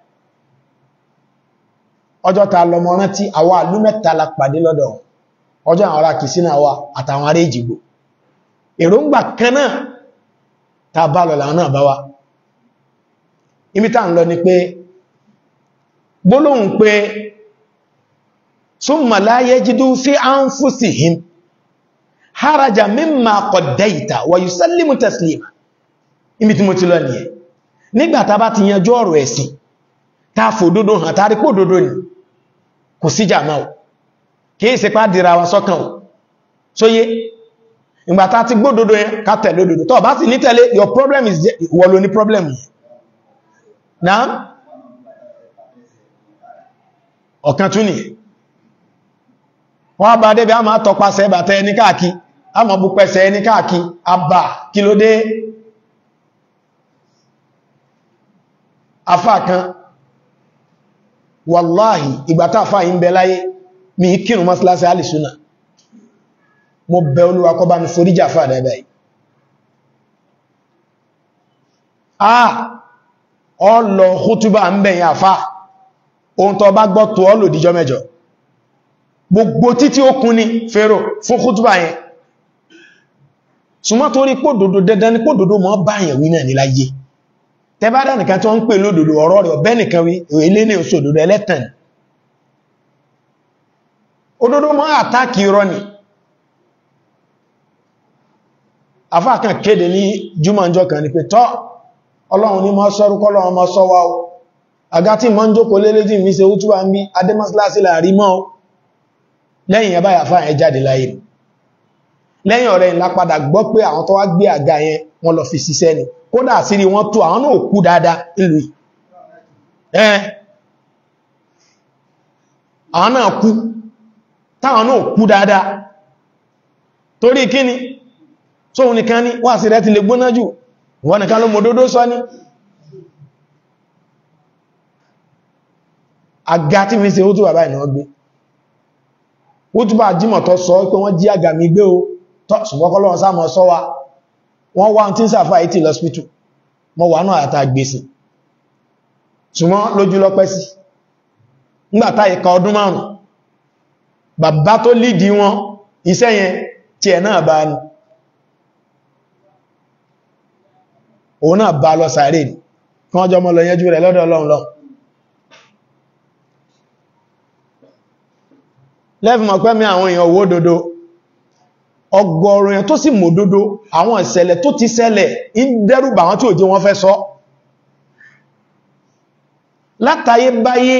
ọjọ́ ta lọmọ rántí àwa àlú mẹ́ta la pàdé lọ́dọ̀ ọjọ́ àwọn ará Kìsínà wa àtàwọn aré èròǹgbà kan náà ta bá lọ làwọn náà wa ibi tá ń lọ ni pé gbólóhùn pé súnmà láyé jídú fi anfusihim haraja mimma qaddaita wa yusallimu taslima ibi tí mo ti lọ nìyẹn nígbàtà bá ti yanjú ọ̀rọ̀ ẹ̀sìn táàfò òdodo hàn tàrí pò òdodo ni kò sí jàmá o kìí ṣe pá dìra wa sọ́kàn o sóyé ìgbàtà ti gbódodo yẹn ká tẹ̀lé wọ́n bá débi a máa tọpasẹ̀ bàtẹ ẹni káàkí a máa bú pẹsẹ̀ ẹni káàkí àbà kí ló dé afá kan wàláhì ìgbàtà afá yìí ń bẹ láyé mi kírùn mọ́sílásí alìsúnà mo bẹ olúwa kó bá mi foríjà fà yìí gbogbo títí ó kún ní fẹ́rọ fún kútùbà yẹn súnmọ́ torí pòdòdó dandan ní pòdòdó mọ́ báyàn wí náà ní láyé tẹbádà nìkan tó ń pè lódòdó ọ̀rọ̀ rẹ̀ ọ̀bẹ́ nìkan wí èlé ní oṣù òdòdó ẹlẹ́tàn òdòdó mọ́ àtàkì irọ́ ni afákan kéde ní jùmọ̀njọ́ kan ní pé tọ́ ọlọ́run ní máa sọ́rú kọ́lọ́run máa sọ́wá o àgá tí mọ́ ń lẹ́yìn ẹbá yàfá yẹn jáde láyé ni lẹ́yìn ọ̀rẹ́ ìlà padà gbọ́ pé àwọn tó wá gbé àga yẹn wọ́n lọ fi ṣiṣẹ́ ni kódà àṣírí wọ́n tú àwọn náà kú dáadáa ìlú ẹ́ àwọn náà kú táwọn náà kú dáadáa torí kíni tó so, nìkan ní wà sí rẹ̀ ti lè gbóná jù wọ́n nìkan ló mọ̀dódó sọ ní àga tí fi ṣe ó tó bàbá ìnáwó gbé kútùbà jímọ̀ tó sọ pé wọ́n jí àgàmì gbé o tọ́ ṣùgbọ́kọ́lọ́ wọn sáàmọ̀ sọ wa wọ́n wá tí ń sàfà ìtì lọ́spítù mọ́ wà náà àtà gbèsè ṣùgbọ́n lójú lọ́pẹ́ sí ngbàtà ìka ọdún márùn bàbá tó lídi wọn iṣẹ́ yẹn tí ẹ̀ náà bá ní òun náà bá lọ sàárè kí wọ́n jọ lọ yẹjú rẹ̀ lọ́dọ̀ ọlọ́run lọ́run lẹ́fìmọ̀ pẹ́ mi àwọn èèyàn owó dodo ọgọ́rùn èèyàn tó sì mọ̀ dodo àwọn ìṣẹ̀lẹ̀ tó ti ṣẹlẹ̀ ń dẹ́rùbà wọn tí ò jẹ́ wọ́n fẹ́ sọ látayé báyé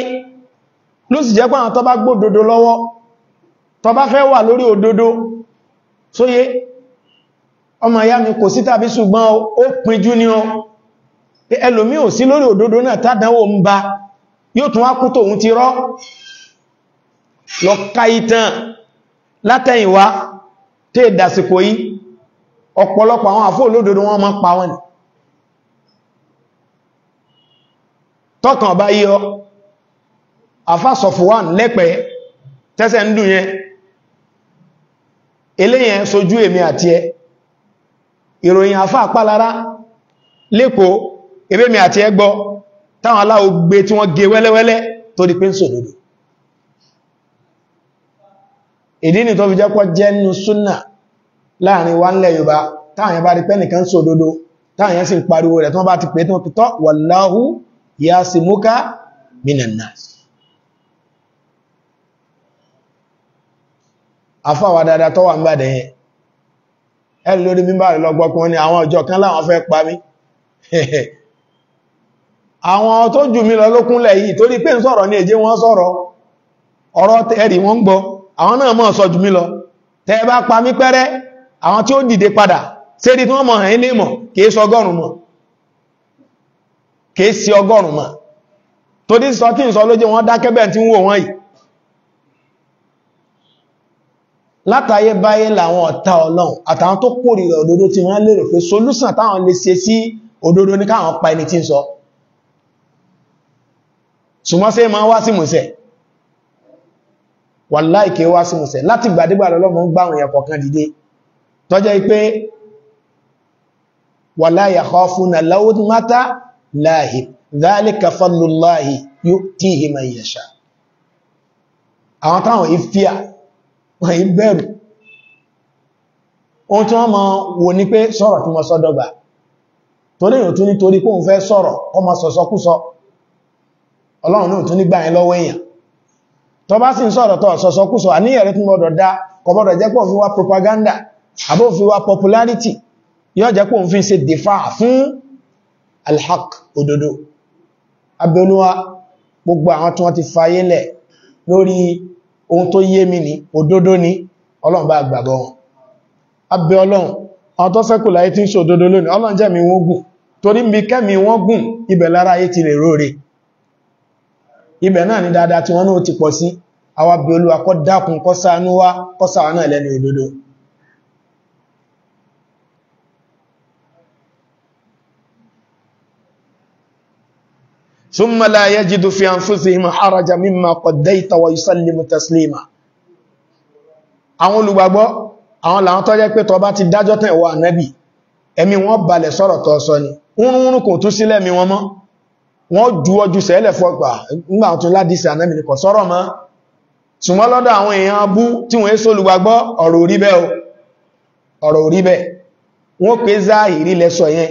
ló sì jẹ́ àwọn tó gbó dodo lọ́wọ́ tó bá fẹ́ wà lórí òdodo sóyé ọmọ ìyá mi kò sí tàbí ṣùgbọ́n ó pinjú ní ọ ẹlòmí ò sí lórí òdodo náà tádánwò ń ba yóò tún wá kú tòun ti rọ́ lọ ká ìtàn látẹ̀yìnwá tí è dàsìkò yìí ọ̀pọ̀lọpọ̀ àwọn àfó olódodo wọn máa pa wọn tọ́kàn bá yíọ àfá sọ̀fúwàn lẹ́pẹ̀ tẹ́sẹ̀ ń dùn yẹn eléyẹn sojú èmi àti ẹ ìròyìn àfá àpálára lẹ́kọ̀ọ́ ebémi àti ẹgbọ́ táwọn aláwo gbé tí wọ́n gé wẹ́lẹ́wẹ́lẹ́ tó di pé ń sòdodo ìdí ni tó fi jẹ́pọ̀ jẹ́nu súnà láàrin wa nílẹ̀ Yorùbá táàyàn bá rí pé ẹnìkan sọ òdodo táàyàn sì ń pariwo rẹ̀ tó bá ti pè tán tó wallahu yasimuka minan nas afáwà dáadáa tó wà ń bàdẹ̀ yẹn ẹ̀rì lórí *laughs* àwọn tó jù mí lọ lókúnlẹ̀ yìí torí pé ń sọ̀rọ̀ ní èjé wọ́n sọ̀rọ̀ ọ̀rọ̀ ẹ̀rì wọ́n gbọ́ àwọn náà mọ́ sọ jù mí lọ tẹ́ bá pa mí pẹ́rẹ́ àwọn tí ó dìde padà sérí tí wọ́n mọ̀ hàn ilé mọ̀ kìí sọ ọgọ́rùn mọ̀ kìí sí ọgọ́rùn mọ̀ tó dí sọ tí ń sọ lójú wọn dákẹ́bẹ̀ tí ń wò wọ́n yìí látàyé báyé làwọn ọ̀tá ọlọ́run àtàwọn tó kórìíra òdodo tí wọ́n lérò pé solúsàn táwọn lè ṣe sí òdodo ní káwọn pa ẹni tí ń sọ ṣùgbọ́n sí máa wá sí mùsẹ̀ wà láìké wá sí musẹ̀ láti gbàdégbà lọ́lọ́mọ ń gbáwọn èèyàn kọ̀ọ̀kan dìde tọ́jẹ́ pé wà láyà khafuna lawmata láàhì dhalika fadlullahi yu'tihi man yasha àwọn táwọn ìfíà wọ́n yí bẹ̀rù ohun tí wọ́n mọ̀ wò ní pé sọ̀rọ̀ tí mo sọ dọ́gba torí ìrùn nítorí kóhun fẹ́ sọ̀rọ̀ ọmọ sọ̀sọ́kúsọ ọlọ́run náà tún nígbà yẹn lọ́wọ́ èèyàn tó bá sì ń sọ̀rọ̀ tọ́ sọ̀sọ̀kúsọ̀ àníyàn rẹ̀ tún gbọ́dọ̀ dá kò gbọ́dọ̀ fi wá propaganda àbó fi wá popularity yóò jẹ́ pọ̀ fi ṣe dìfà fún alhaq òdodo abẹ́olúwa gbogbo àwọn tí wọ́n ti fayé lẹ̀ lórí ohun tó yé mi ní òdodo ní ọlọ́run bá gbàgbọ́ wọn abẹ́ ọlọ́run ibẹ̀ náà ni dáadáa tí wọ́n náà ti pọ̀ sí àwa bí Olúwa kó dákun kó ṣàánú wa kó ṣàwa náà lẹ́nu ìdodo ثم لا يجد في أنفسهم حرجا مما قضيت ويسلم تسليما àwọn olùgbàgbọ́ àwọn làwọn tó jẹ́ pé tó wọ́n ju ọjú sẹ́lẹ̀ fọ́gbà nígbà tún ládìsẹ̀ anẹ́mìnì kọ̀ sọ́rọ̀ mọ́ ṣùgbọ́n lọ́dọ̀ àwọn èèyàn abú tí wọ́n èso olùgbàgbọ́ ọ̀rọ̀ orí bẹ́ẹ̀ ọ̀rọ̀ orí bẹ́ẹ̀ wọ́n pé záàhìrí lẹ́sọ yẹn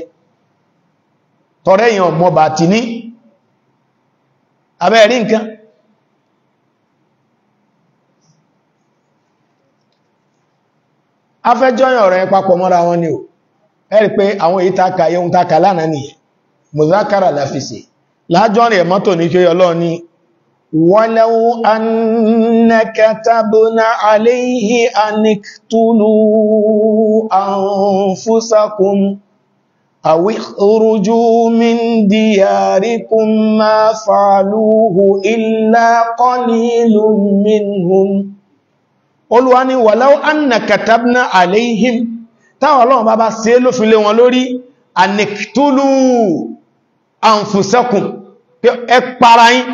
tọ́rẹ́ èèyàn mọ́ bà tí ní abẹ́rí nǹkan afẹ́jọ́yàn ọ̀rọ̀ yẹn papọ̀ mọ́ra wọn ni ò ẹ̀rí pé àwọn èyí takà yóò takà lánàá nìyẹn mùzákàrà láfisẹ̀ lájọ́rin ẹ̀mọ́tò ní ṣe ọlọ́run ni wọ́lẹ́wọ́ annakatabuna aléyìí aniktulu anfusakum àwíkúrújú min diyarikum ma fàálúhù illa qalilun minhum olúwa ni wọ́lẹ́wọ́ annakatabuna aléyìí táwọn ọlọ́run bá bá ṣe lófin lé wọn lórí aniktulu àǹfùsẹ́kùn pé ẹ para yín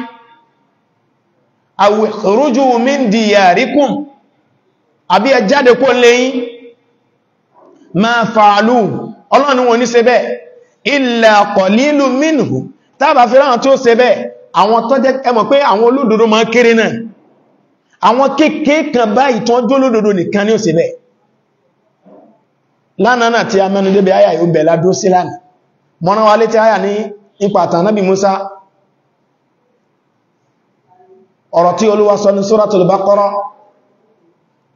àwòrújú min diyarikum àbí ẹ jáde kó lẹ́yìn ma fàálù ọlọ́run wọn ní ṣe bẹ́ẹ̀ illa qalilu minhu tàbà fi ráhàn tí ó ṣe bẹ́ẹ̀ àwọn tọ́jẹ́ ẹmọ̀ pé àwọn olódodo máa kéré náà àwọn kéèkéé kan báyìí tán jó olódodo nìkan ní ó ṣe bẹ́ẹ̀ lánàá náà tí a mẹ́nu débi àyà yóò bẹ̀ ládó sí lánàá mọ́ná wa létí àyà ní nípa tàn nábi Musa ọ̀rọ̀ tí Olúwa sọ ní Suratul Baqara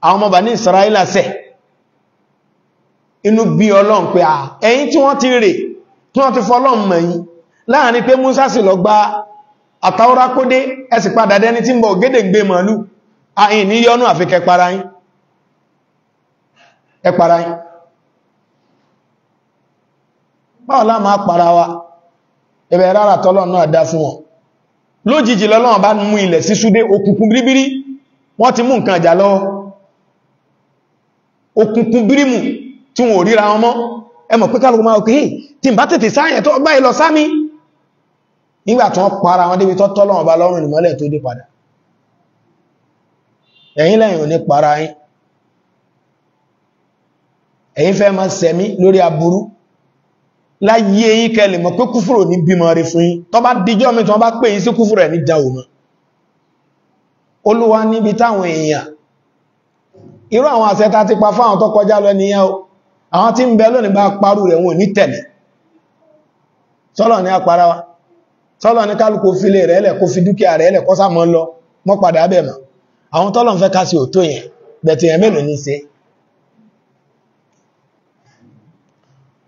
àwọn ọmọ Bani Israila sẹ̀ inú bí Ọlọ́run pé à ẹ̀yin tí wọ́n ti rè tí wọ́n ti fọ́lọ́n mọ̀ yìí láàrin pé Musa sì lọ gba àtàwọ́rá kódé ẹsì padà dẹni tí ń bọ̀ gédègbé màálù àyìn ní yọ́nú wa ẹbẹ̀ rárá tọ́lọ̀ náà dá fún wọn lójijì lọ́lọ́wọ́n bá mú ilẹ̀ sí súdé òkùnkùn bíríbírí wọ́n ti mú nǹkan àjà lọ́wọ́ òkùnkùn bírímù tí wọ́n ríra wọn mọ́ ẹmọ̀ pé kálùkù máa kìí tí bá tètè sáyẹ̀ tó gbá ìlọ sámi nígbà tó para wọn débi tó tọ́lọ́wọ́n bá lọ́rùn ìmọ́lẹ̀ tó dé padà ẹ̀yin lẹ́yìn ò ní para yín ẹ̀yin fẹ́ máa sẹ̀mí lórí aburú láyé yí kẹlẹ̀ mọ̀ pé kúfúrò ní bímọ rẹ̀ fún yín tó bá díjọ́ mi tó bá pè yín sí kúfúrò ẹ̀ ní dáwò mọ́ olúwa níbi táwọn èèyàn irú àwọn àṣẹta ti pa fáwọn tó kọjá lọ nìyẹn o àwọn tí ń bẹ lónìí bá parú rẹ̀ wọn ní tẹ̀lé sọ́lọ̀ ní apara tọ́lọ̀ ní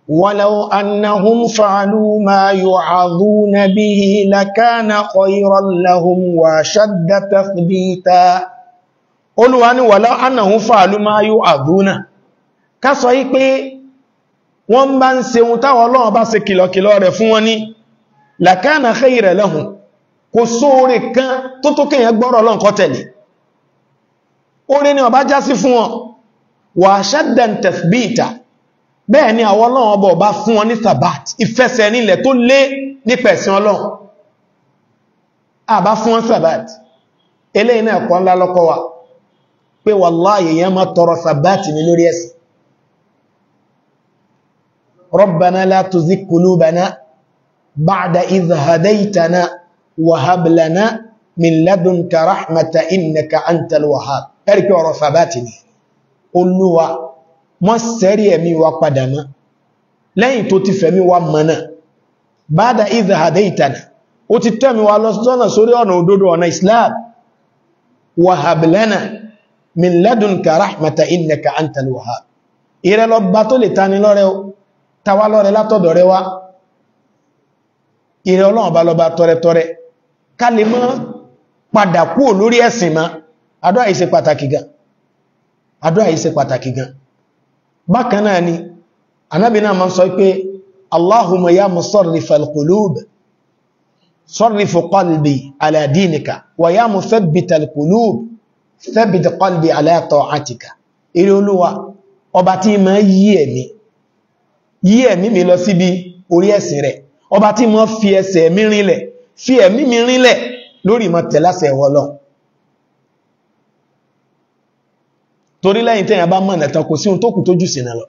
ولو أنهم فعلوا ما يعظون به لكان خيرا لهم وشد تثبيتا Olúwa ní ولو أنهم فعلوا ما يعظون ká sọ yí pé wọ́n bá ń ṣe ohun táwọn Ọlọ́run bá ṣe kìlọ̀kìlọ̀ rẹ̀ fún wọn ní لكان خيرا لهم kò sóore kan tó tó kéèyàn gbọ́rọ̀ Ọlọ́run kọ́ tẹ̀lé oore ni ó bá jásí fún wọn وشد تثبيتا bẹ́ẹ̀ ni àwọn ọlọ́run ọba ọba fún wọn ní sabat ìfẹsẹ̀ nílẹ̀ tó lé nípa ẹ̀sìn ọlọ́run àbá fún wọn sabat eléyìí náà kọ́ ńlá lọ́kọ́ wa pé wàláyé yẹn máa tọrọ sabat ní lórí ẹ̀sìn ربنا لا تزغ قلوبنا بعد إذ هديتنا وهب لنا من لدنك رحمة mọ́ sẹ́rí ẹ̀mí wa padà mọ́ lẹ́yìn tó ti fẹ̀mí wa mọ́nà bada idha hadaitana ó ti tẹ́mi wa lọ sọ́nà sórí ọ̀nà òdodo ọ̀nà islam wa hablana min ladunka rahmata innaka antal wahhab ìrẹ lọ bá tó lè tani lọ́rẹ tawa lọ́rẹ látọ̀dọ̀ rẹ pàtàkì gan àdúà yìí pàtàkì gan bákan náà ni anábì náà máa ń sọ pé Allahumma ya musarrif al-qulub sarrif qalbi ala dinika wa ya muthabbit al-qulub thabbit qalbi ala ta'atika eré olúwa ọba tí ma yí ẹ̀mí lórí ma tẹ̀láṣẹ̀ wọlọ́n torí lẹ́yìn tẹ́yà bá mọ̀ tán kò sí ohun tó kù tó jù lọ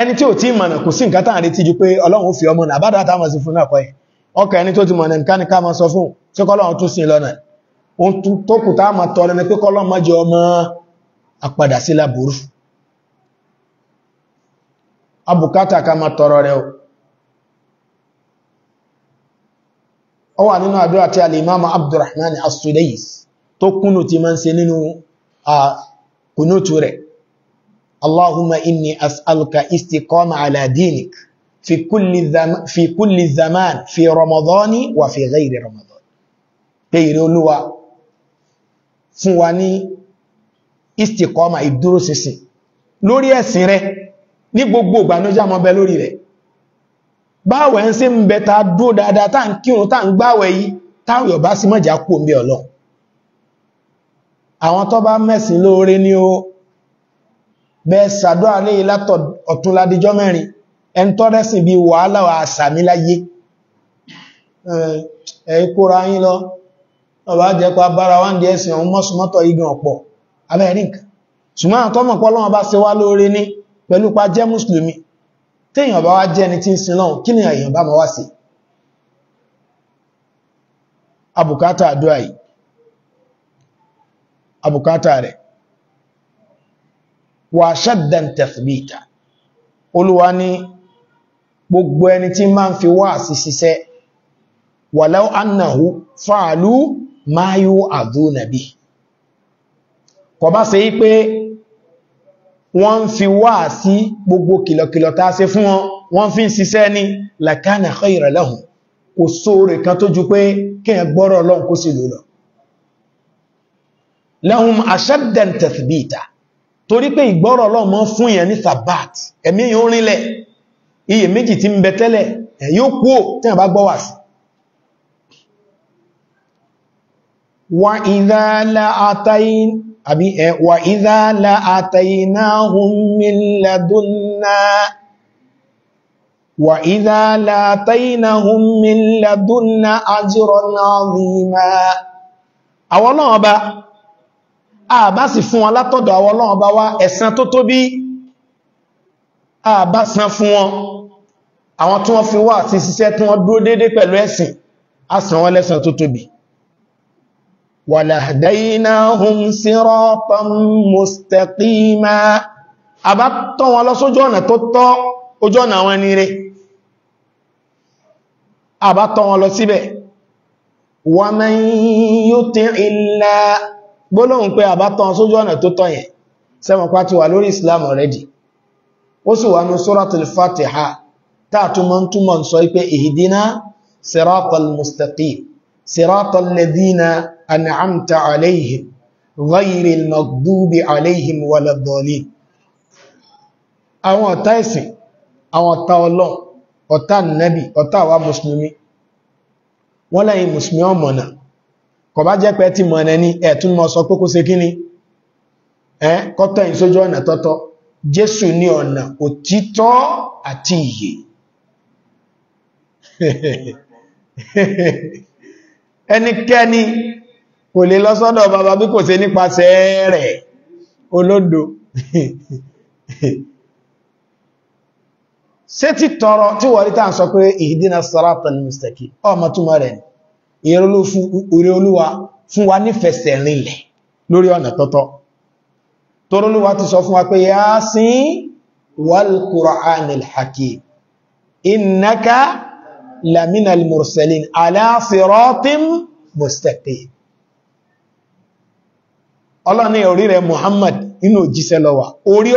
ẹni tí ò tí mọ̀nà kò sí nǹkan tààrí tí ju pé ọlọ́run fi ọmọ náà bádá táwọn sí fún náà ọkọ̀ ẹni tó ti mọ̀nà nǹkan ní ká máa sọ fún tí kọ́lọ́run tún sí lọ́nà ohun tó kù tá máa ni pé kọ́lọ́run ọmọ àpadà kùnútù rẹ̀ Allahumma inni as'aluka istiqama ala dinik fi kulli zaman fi kulli zaman fi ramadani wa fi ghairi ramadan pé ìrẹ́ olúwa fún wa ní istiqama ìdúróṣinṣin lórí ẹ̀sìn rẹ̀ ní gbogbo ìgbànújá mọ́ bẹ lórí rẹ̀ báwẹ̀ ń ṣe ń bẹ ta dúó dáadáa tá ń kírun tá ń gbáwẹ̀ yìí táwọn yọ̀bá sí mọ́jà kú omi ọlọ́run àwọn tó bá mẹ́sìn lóore ní o bẹ́ sàdúrà lè e látọ̀ ọ̀tún ládíjọ́ mẹ́rin ẹn tọ́ rẹ́sìn bí wàhálà àsàmì láyé ẹ̀yí kóra yín lọ ọba jẹ́pá bára wá ń di ẹ̀sìn ọ̀hún mọ́sùmọ́tọ̀ igun ọ̀pọ̀ abẹ́rìnkà ṣùgbọ́n àtọ́mọ̀ pọ́lọ́wọ́n bá ṣe wá lóore àbùkátà rẹ̀ wà ṣaddan tathbita olúwa ní gbogbo ẹni tí máa ń fi wá sí ṣiṣẹ́ walau annahu fa'alu ma yu'aduna bi kò bá ṣe pé wọ́n ń fi wá sí gbogbo kìlọ̀kìlọ̀ tá a ṣe fún wọn wọ́n fi ń ṣiṣẹ́ ní lakana khayra lahum kò sóòrè kan tó ju pé kí gbọ́rọ̀ ọlọ́run kó sì lò lọ lahum ashaddan tathbita torí pé ìgbọ́rọ̀ ọlọ́mọ fún èèyàn ní sabat ẹ̀mí yóò rinlẹ̀ iye méjì tí ń bẹ tẹ́lẹ̀ ẹ̀ yóò kú ò tí a bá gbọ́ wà sí wa idha la atayn àbí ẹ̀ wa idha la àwọn náà ọba àbá sì fún wọn látọ̀dọ̀ àwọn ọlọ́run bá wá ẹ̀san tó tóbi àbá san fún wọn àwọn tí wọ́n fi wá àti ṣiṣẹ́ tí wọ́n dúró dédé pẹ̀lú ẹ̀sìn á san wọ́n lẹ́san tó tóbi walahdaynahum siratan mustaqima àbá tọ́ wọn lọ sójú ọ̀nà tó tọ́ ojú ọ̀nà àwọn ẹni rẹ̀ àbá gbólóhùn pé àbátan sójú ọ̀nà tó tọ́ yẹn sẹ́mọ̀pá ti wà lórí islam already ó sì wà ní suratul fatiha tààtúmọ̀ túnmọ̀ sọ pé ihdina siratal mustaqim siratal ladina an'amta alayhim ghayril maghdubi alayhim waladdallin àwọn kò bá jẹ́ pé ti mọ̀ ẹni ẹ̀tún mọ́ sọ pé kó ṣe kíni ẹ́ kọ́tọ̀ ìsójú ọ̀nà tọ́tọ́ Jésù ní ọ̀nà òtítọ́ àti ìyè *laughs* ẹnikẹ́ni kò lè lọ sọ́dọ̀ bàbá bí kò ṣe nípasẹ̀ rẹ̀ olódo *laughs* ṣé ti tọrọ tí wọ́n rí tàà sọ pé ìdínà sọ́rọ̀ àtàlùmùsẹ̀kì ọmọ túnmọ̀ rẹ̀ ni ìyẹn ló fún orí olúwa fún wa nífẹsẹ̀ rinlẹ̀ lórí ọ̀nà tọ́tọ́ torólúwa ti sọ fún wa pé Yasin wal Qur'anil Hakim innaka laminal mursalin ala siratim mustaqim ọlọ́ni orí rẹ̀ Muhammad inú òjíṣẹ́ lọ́wà orí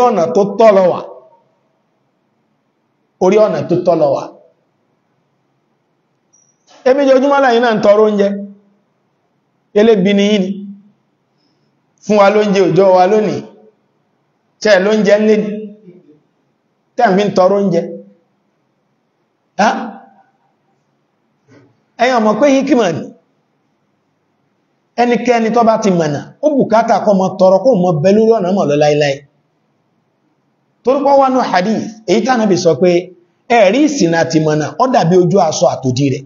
ọ̀nà tó tọ́ ẹbí jẹ ojúmọ́ láyìn náà tọrọ oúnjẹ elébi ni yìí ni fún wa lóúnjẹ òjò wa lónìí tẹ́ lóúnjẹ ni tẹ́m̀fí tọrọ oúnjẹ ẹ̀yàn ọmọ pé yìí kìmọ̀ ní ẹnikẹ́ni tó bá ti mọ̀nà ó bùkátà tọrọ kó mọ bẹ lórí ọ̀nà hadith èyí tánàbì sọ pé ẹ̀rí ìsìn àti mọ̀nà dàbí ojú rẹ̀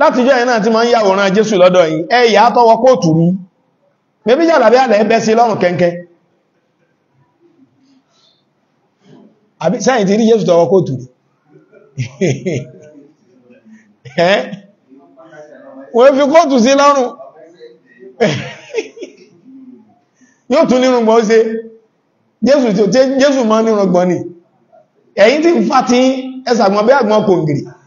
látijọ́ ẹ̀ náà tí ma ń yàwòrán Jésù lọ́dọ̀ yìí ẹ̀yà tọwọ́ kóòtù rú mẹ́bí jàlàbí àlẹ́ ẹ̀bẹ́ sí lọ́rùn kẹ́ńkẹ́ àbí sẹ́yìn ti rí Jésù tọwọ́ kóòtù rú *laughs* wọ́n fi kóòtù sí lọ́rùn *laughs* yóò tún nínú gbọ́ ṣe Jésù tí ó tẹ́ Jésù máa nínú gbọ́ ni ẹ̀yìn ń fà tí *laughs*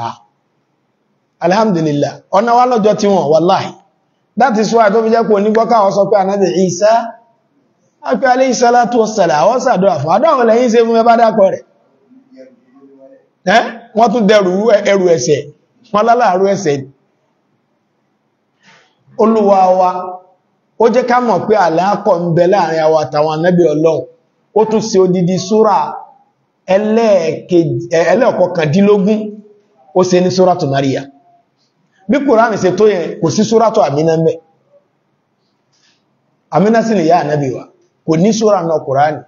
Ah. alhamdulillah ọ̀nà wá lọ́jọ́ tí wọ́n that is why tó fi jẹ́ pé ní wọ́n sọ pé anáde ìsá. afi alayhi salatu wassala àwọn sàdọ́wà fún àdọ́wà lẹ́yìn ṣe fún ẹbá rẹ̀ wọ́n tún dẹrù ẹrù wọ́n tún ó ṣe ní suratu Maria bí kùránì ṣe tó yẹn kò sí suratu Amina mẹ́ Amina sì lè yá ànábì wa kò ní sura náà kùránì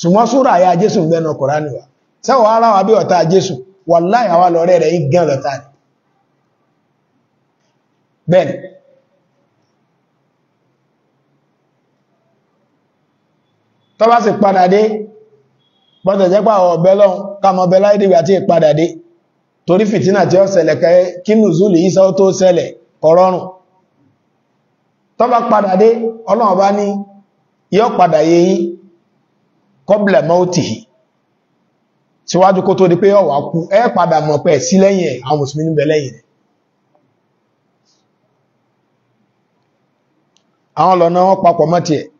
ṣùgbọ́n sura àyà Jésù ń bẹ́ẹ̀ kùránì wa sẹ́wọ̀ ara wa bí ọ̀tá Jésù wallahi àwa lọ́rẹ́ rẹ̀ yìí gán lọ́tà ni bẹ́ẹ̀ni tọ́bá sì padà dé bọ́tẹ̀ jẹ́pà ọ̀bẹ́lọ́un ká mọ̀ bẹ́láìdìgbà tí ì dé torí fìtínà tí ó ṣẹlẹ̀ kẹ́ kí nùzúlì Ìsá ó tó ṣẹlẹ̀ kọ̀rọ̀rùn tó bá padà dé ọlọ́run bá ní yọ́ padà yé yí kọ́bla mautihi síwájú kó tó di pé ó wá kú ẹ padà mọ̀ pé sí lẹ́yìn ẹ̀ àwọn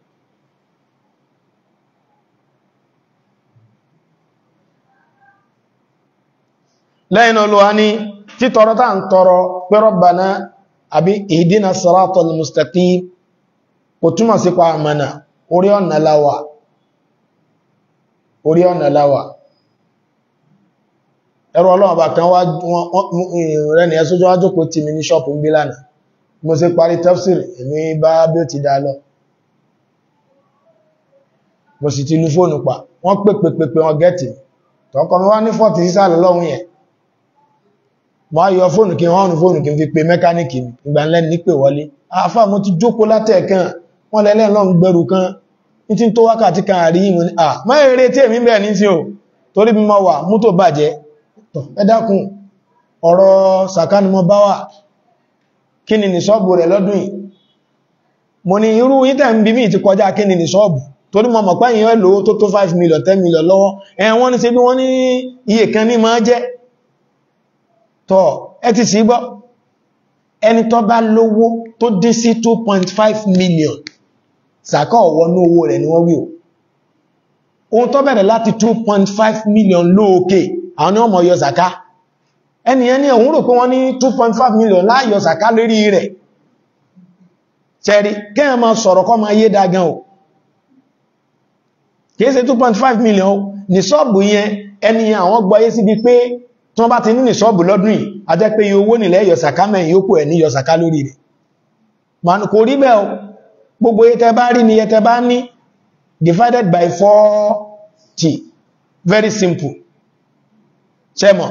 lẹ́yìn olúwa ní títọrọ tá ń tọrọ pé Rabbana àbí ihdina siratal mustaqim kò túmọ̀ sí pa àmànà orí ọ̀nà láwà orí ọ̀nà láwà ẹrù ọlọ́wọ̀n bá kan rẹ̀ mo ti mo sì ti lu fóònù pa wọ́n pèpèpèpè wọn gẹ́ẹ̀tì wá ní wọ́n yọ fóònù kí wọ́n fóònù kí n fi pe mẹ́káníkì ìgbàlẹ́ni ní pè wọlé àfà mo ti jókòó látẹ̀ẹ̀kan wọ́n lẹ́lẹ́ lọ́n gbẹ̀rù kan ní tí tó wákàtí kan àrí ìmọ̀ ní àà má èrè tí èmi bẹ̀ẹ̀ ní sí o torí bí mo wà mú tó bàjẹ́ ẹ dákun ọ̀rọ̀ sàkánì mo bá wà kí torí mo mọ̀ pẹ́yìn ẹ̀ tó tó 5 million 10 million lọ́wọ́ ẹ̀ wọ́n ní ṣe bí wọ́n ní iye kan ní máa jẹ́ tọ́ ẹ ti sì gbọ́ ẹni tó bá lówó tó dín sí 2.5 million sàkọ́ ọ̀wọ́nú owó rẹ̀ ni wọ́n wí o ohun tó bẹ̀rẹ̀ láti 2.5 million lóòkè àwọn ọmọ yọ zaka ẹni ẹni ẹ̀hún rò pé wọ́n ní 2.5 million láyọ zaka lérí rẹ̀ tẹ̀rí kẹ́yàn máa sọ̀rọ̀ kọ́ máa yé dágan o kìí ṣe 2.5 million ní sọ́ọ̀bù yẹn ẹni àwọn gbọ́yé síbi pé tí wọ́n bá ti ní ní ṣọ́ọ̀bù lọ́dún yìí a jẹ́ pé owó nílẹ̀ yọ̀sàká mẹ́rin yóò pò ẹ̀ ní yọ̀sàká lórí rẹ̀ kò rí bẹ́ẹ̀ o gbogbo yẹtẹ bá rí ni yẹtẹ bá ní divided by 40 very simple ṣẹ́mọ̀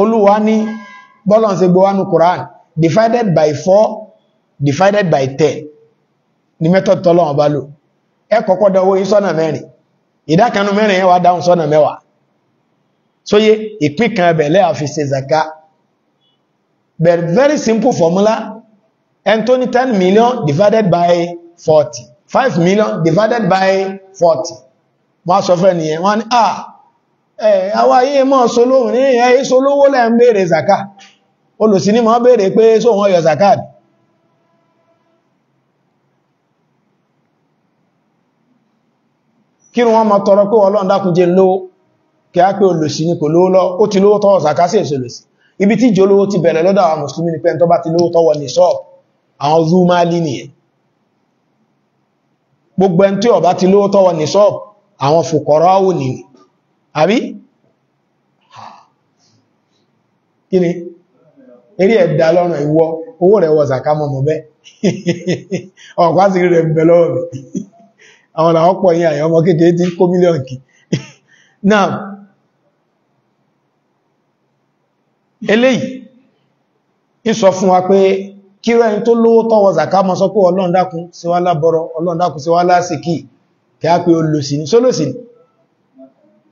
olúwa ní bọ́lọ̀n ṣe gbọ́wánu Quran divided by 4 divided by 10 ni method tọ́lọ́wọ́n bá lò ẹ kọ́kọ́ dọwọ́ yín sọ́nà mẹ́rin ìdákanú mẹ́rin yẹn wá dáhùn sọ́nà mẹ́wàá sóyé ìpín kan ẹbẹ̀lẹ́ àfi ṣe zaka but very simple formula ẹn tó ní 10 million divided by 40 5 million divided by 40 wọ́n sọ fẹ́ nìyẹn wọ́n ní ah ẹ̀ àwa yìí mọ́ solówó ní ẹ̀yẹ solówó lẹ́ ń béèrè zaka olùsí ní mọ́ béèrè pé só wọ́n yọ zaka bí kí wọ́n mọ́ tọrọ pé Ọlọ́run dákun lówó kí á pé olùsí ní kò lówó lọ ó ti lówó tọ́wọ́ sàkásí èso lòsí ibi tí ìjọlówó ti bẹ̀rẹ̀ lọ́dọ̀ àwọn mùsùlùmí ni pé ẹni tó bá ti lówó tọ́wọ́ ní sọ́ọ̀pù àwọn zúmálì nìyẹn gbogbo ẹni tí ó bá ti lówó tọ́wọ́ ní sọ́ọ̀pù àwọn fòkọ̀rọ̀ áwò ni eré ẹ̀dà lọ́rùn ìwọ owó rẹ̀ wọ sàkámọ́ mọ̀ bẹ́ *laughs* ọ̀pá sí rẹ̀ bẹ̀ lọ́rùn *laughs* àwọn làwọn pọ̀ yìí àyọ́mọ kékeré tí *laughs* eléyìí ń sọ fún wa pé kíra ẹni tó lówó tọ́wọ́ zaka mọ́ sọ pé ọlọ́run sí wá lábọ́rọ̀ ọlọ́run sí wá lásìkí kí á pé olùsìn sólòsìn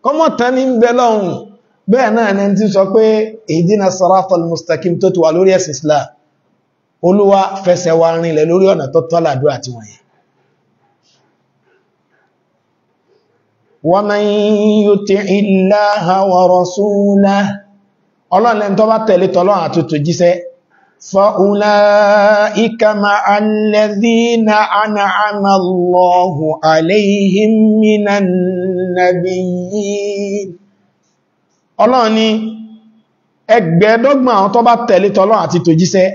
kọmọ̀ tán ní lọ́hun bẹ́ẹ̀ náà ni sọ pé mustakim tó ti wà lórí ẹ̀sìn olúwa fẹsẹ̀ wa rinlẹ̀ lórí ọ̀nà tó tọ́ àti ọlọ́run tó bá tẹ̀lé tọ́lọ́run àtútù jíṣẹ́ فَأُولَٰئِكَ مَعَ الَّذِينَ أَنْعَمَ اللَّهُ عَلَيْهِمْ مِنَ النَّبِيِّينَ ọlọ́run ni ẹgbẹ̀ẹ́dọ́gbọ̀n àwọn tó bá tẹ̀lé tọ́lọ́run àti tòjíṣẹ́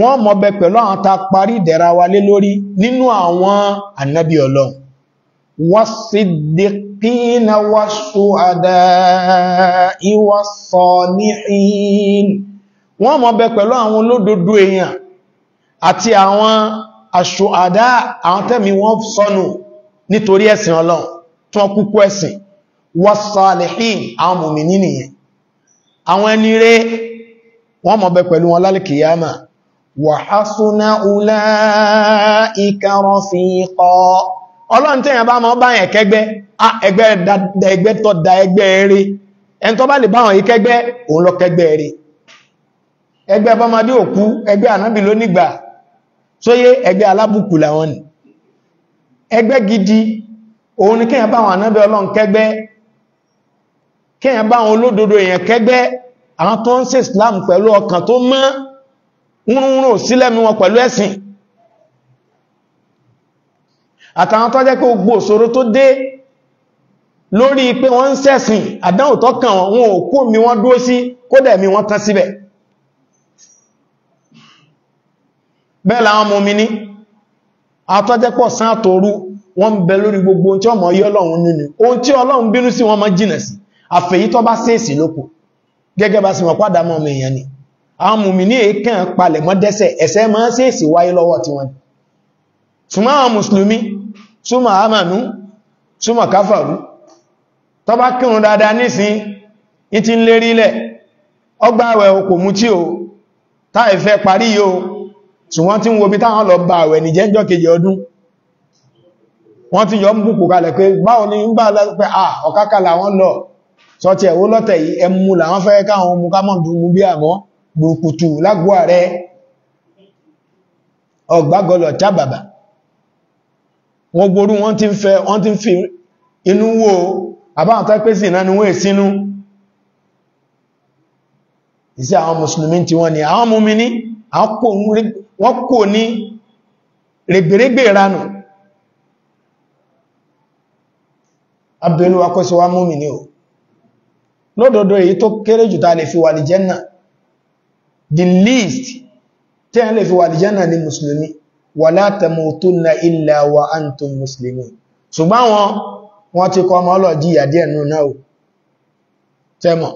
wọ́n mọ̀ bẹ pẹ̀lú ta parí ìdẹ̀ra lórí nínú àwọn ànábì ọlọ́run والصديقين والشهداء والصالحين wọ́n mọ̀ bẹ pẹ̀lú àwọn olódodo èèyàn àti àwọn aṣòhàdá àwọn tẹ́mi wọ́n sọnù nítorí ẹ̀sìn ọlọ́run tí wọ́n kúkú ẹ̀sìn wasalihin àwọn mùmínì nìyẹn àwọn ẹni rẹ̀ wọ́n mọ̀ bẹ pẹ̀lú wọn lálẹ́kìyàmà wàhásúná ulá ìkarọ̀ fi kọ́ ọlọ́run tẹ́yàn bá máa bá yẹn kẹ́gbẹ́ ẹgbẹ́ ẹgbẹ́ tó da ẹgbẹ́ eré ẹni tó bá lè báwọn yìí kẹ́gbẹ́ òun lọ kẹ́gbẹ́ eré ẹgbẹ́ bọ́mọdé òkú ẹgbẹ́ ànábì ló nígbà sóyé ẹgbẹ́ alábùkù làwọn ni ẹgbẹ́ gidi òun ni kẹ́yàn báwọn ànábì ọlọ́run kẹ́gbẹ́ kẹ́yàn báwọn olódodo èèyàn kẹ́gbẹ́ àwọn tó ń ṣe Islam pẹ̀lú ọkàn tó mọ́ àtàwọn tó jẹ́ pé gbogbo òṣòro tó dé lórí pé wọ́n ń ṣẹ̀sìn àdánwò tó kàn wọn wọn ò kó mi wọ́n dúró sí kódẹ̀ mi wọ́n tán síbẹ̀ bẹ́ẹ̀ làwọn mùmínì àtọ́jẹ́pọ̀ sán àtòrú wọ́n ń bẹ lórí gbogbo ohun tí ọmọ yí ọlọ́run nínú ohun tí ọlọ́run bínú sí wọn mọ́ jìnà sí àfẹ̀yí tó bá sèèsì lópo gẹ́gẹ́ bá sì mọ̀ padà mọ́ ọmọ èèyàn ni àwọn mùmínì èékàn palẹ̀ mọ́ dẹ́ṣẹ̀ ẹ̀ṣẹ̀ máa sèèsì wáyé lọ́wọ́ tiwọn ṣùgbọ́n àwọn mùsùlùmí súnmọ̀ àmànú súnmọ̀ káfàrú tó dada n'isi dáadáa nísìn ní ti ń lérí ilẹ̀ ọgbà àwẹ̀ okò mú tí o táì fẹ́ parí tí ń wo táwọn lọ bá àwẹ̀ ní jẹ́jọ́ kejì ọdún wọ́n ti yọ ń bùkù kalẹ̀ pé báwo ni ń bá lọ́pẹ́ wọn lọ sọ́tí ẹ̀wó lọ́tẹ̀ yìí ẹmú làwọn fẹ́ káwọn mú ká mọ̀dún mú bí àmọ́ ọgbàgọlọ̀ wọ́n gború wọ́n ti ń fẹ́ wọ́n ti ń fi inú wò àbáwọn tó pèsè náà ni wọ́n èsínú ìsí àwọn mùsùlùmí tí wọ́n ni àwọn mùmíní wọ́n kò ní rẹ̀gbẹ̀rẹ̀gbẹ̀ ìranù abẹ̀lú akọ́síwá mùmíní o lódodo èyí tó kéré jù tá lè fi wà ní jẹ́nà the least tẹ́ lè fi wà ní jẹ́nà ni mùsùlùmí wàlá tàmùtúnna illa wa antum muslimun ṣùgbọ́n wọn wọ́n ti kọ ọmọ ọlọ́ jíyà díẹ̀ nù náà o tẹ́mọ̀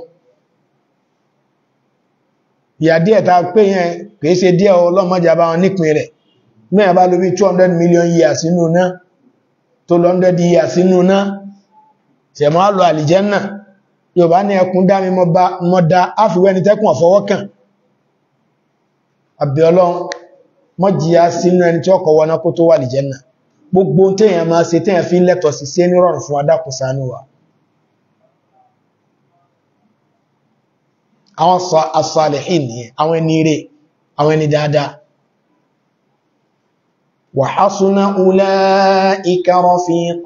ìyà díẹ̀ ta pé yẹn kìí ṣe díẹ̀ ọlọ́mọjà bá wọn nípin rẹ̀ mẹ́rin bá lo bí 200 million years sínú náà tó lọ 100 years sínú náà tẹ̀mọ́ á lọ àlìjẹ́nà Yorùbá ní ẹkùn dá mi mọ́ da áfìwẹ́ni tẹ́kùn ọ̀fọwọ́kàn àbí mọ́jìyà sínú ẹni tí ọkọ̀ wọn kó tó wà lè jẹ́nà gbogbo tẹ́yàn máa se tẹ́yàn fi lẹ́tọ̀ sí sí ẹni rọrùn fún adákùnsánú wa àwọn asalihin ni àwọn ẹni rẹ̀ àwọn ẹni dáadáa wa hasuna ulaika fi yìí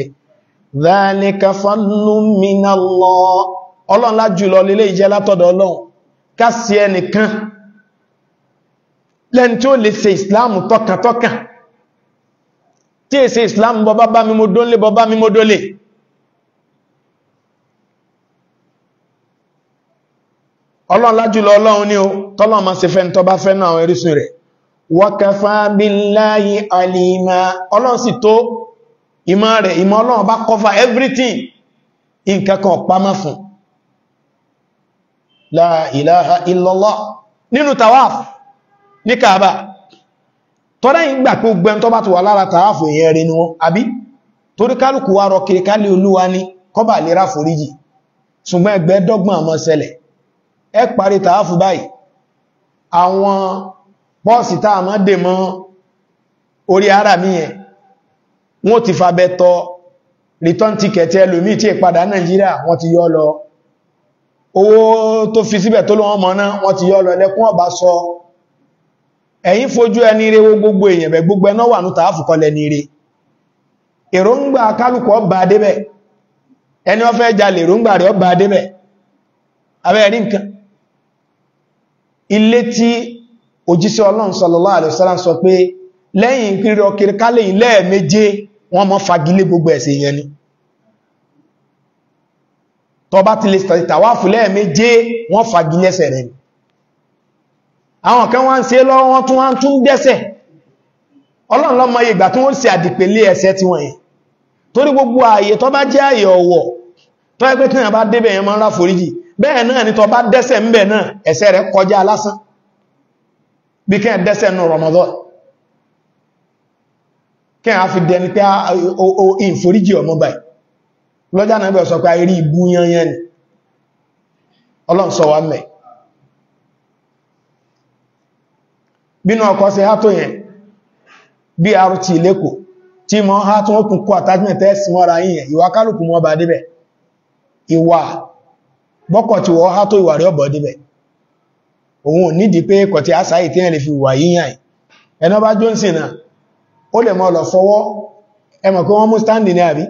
ah, dhalika fadlun min Allah ọlọ́run lájùlọ lílé ìjẹ́ látọ̀dọ̀ ọlọ́run kásí ẹnìkan lẹ́ni tí ó lè ṣe ìsìláàmù tọkàntọkàn tí è ìsìláàmù bọba bá mi mo dólé bọ́bá mi mo dólé ọlọ́run lájùlọ ọlọ́run ni o tọ́lọ́run ma ṣe fẹ́ náà ẹrísùn alima ọlọ́run sì tó ìmọ̀ rẹ̀ ìmọ̀ ọlọ́run bá cover everything nǹkankan pamọ́ fún la ilaha illallah nínú tawaf ní kaaba tọ́lá ìgbà pé gbẹm tó bá ti wà lára tawaf èyàn rẹ̀ ni wọ́n àbí torí kálùkù wá rọ kiri kálẹ̀ olúwa ní kọba lera foríjì ṣùgbọ́n ẹgbẹ́ dọ́gbọ̀n àmọ́ ṣẹlẹ̀ ẹ parí tawaf báyìí àwọn bọ́ọ̀sì tá a máa dè mọ́ orí ara mi yẹn wọ́n ti fa bẹ́tọ́ return ticket ẹlòmí tí ìpadà Nàìjíríà wọ́n ti yọ́ lọ owó tó fi síbẹ̀ tó lọ́wọ́ mọ́ wọ́n ti yọ́ lọ lẹ́kún ọ̀bá sọ ẹ̀yìn fojú ẹni re wo gbogbo èèyàn bẹ̀ gbogbo ẹná wà ní tààfù kọlẹ̀ ní re èròǹgbà kálùkù ọba débẹ̀ ẹni ó fẹ́ jalè èròǹgbà rẹ̀ ọba débẹ̀ abẹ́rí nǹkan ilé tí òjíṣẹ́ Ọlọ́run sallallahu alaihi sọ pé lẹ́yìn ìpínrẹ ọkẹrẹ kálẹ̀ ilẹ̀ méje wọ́n mọ́ fagilé gbogbo ẹ̀ṣẹ̀ yẹn ni tó bá ti lè tàwáfù lẹ́ẹ̀méje wọ́n fagilé ẹ̀ṣẹ̀ rẹ̀ ni àwọn kan wá ń ṣe lọ wọ́n tún wọ́n tún dẹ́ṣẹ̀ Ọlọ́run ló mọ iye ìgbà tí wọ́n ṣe àdìpẹ̀lẹ̀ ẹ̀ṣẹ̀ tí wọ́n yẹn torí gbogbo ààyè tó bá jẹ́ ààyè ọ̀wọ̀ tó ẹgbẹ́ tí wọ́n bá débẹ̀ yẹn máa ń ráforíjì bẹ́ẹ̀ náà ni tó bá dẹ́ṣẹ̀ ń bí kẹ́ dẹ́ṣẹ̀ nù Ramadan kí a fi dẹni pé o ìforíjì ọmọ báyìí lọ́jà náà bẹ̀ sọ pé àìrí ìbú yanyan ni ọlọ́n sọ wá mẹ́ bínú ọkọ̀ sí hátó yẹn bí a rútí lẹ́kọ̀ọ́ tí mọ́ hátó ó kún kó attachment ẹ́sì mọ́ra yìnyẹn ìwà kálùkù mọ́ bá débẹ̀ ìwà bọ́kọ̀ tí wọ́ hátó ìwà rí ọ̀bọ̀ débẹ̀ òun ò nídìí pé kọ̀ tí a sáyì tí lè fi yíyàn ẹ̀nà bá jónsìn náà ó lè mọ́ lọ fọwọ́ ẹmọ̀ kí wọ́n mú stándì ní àbí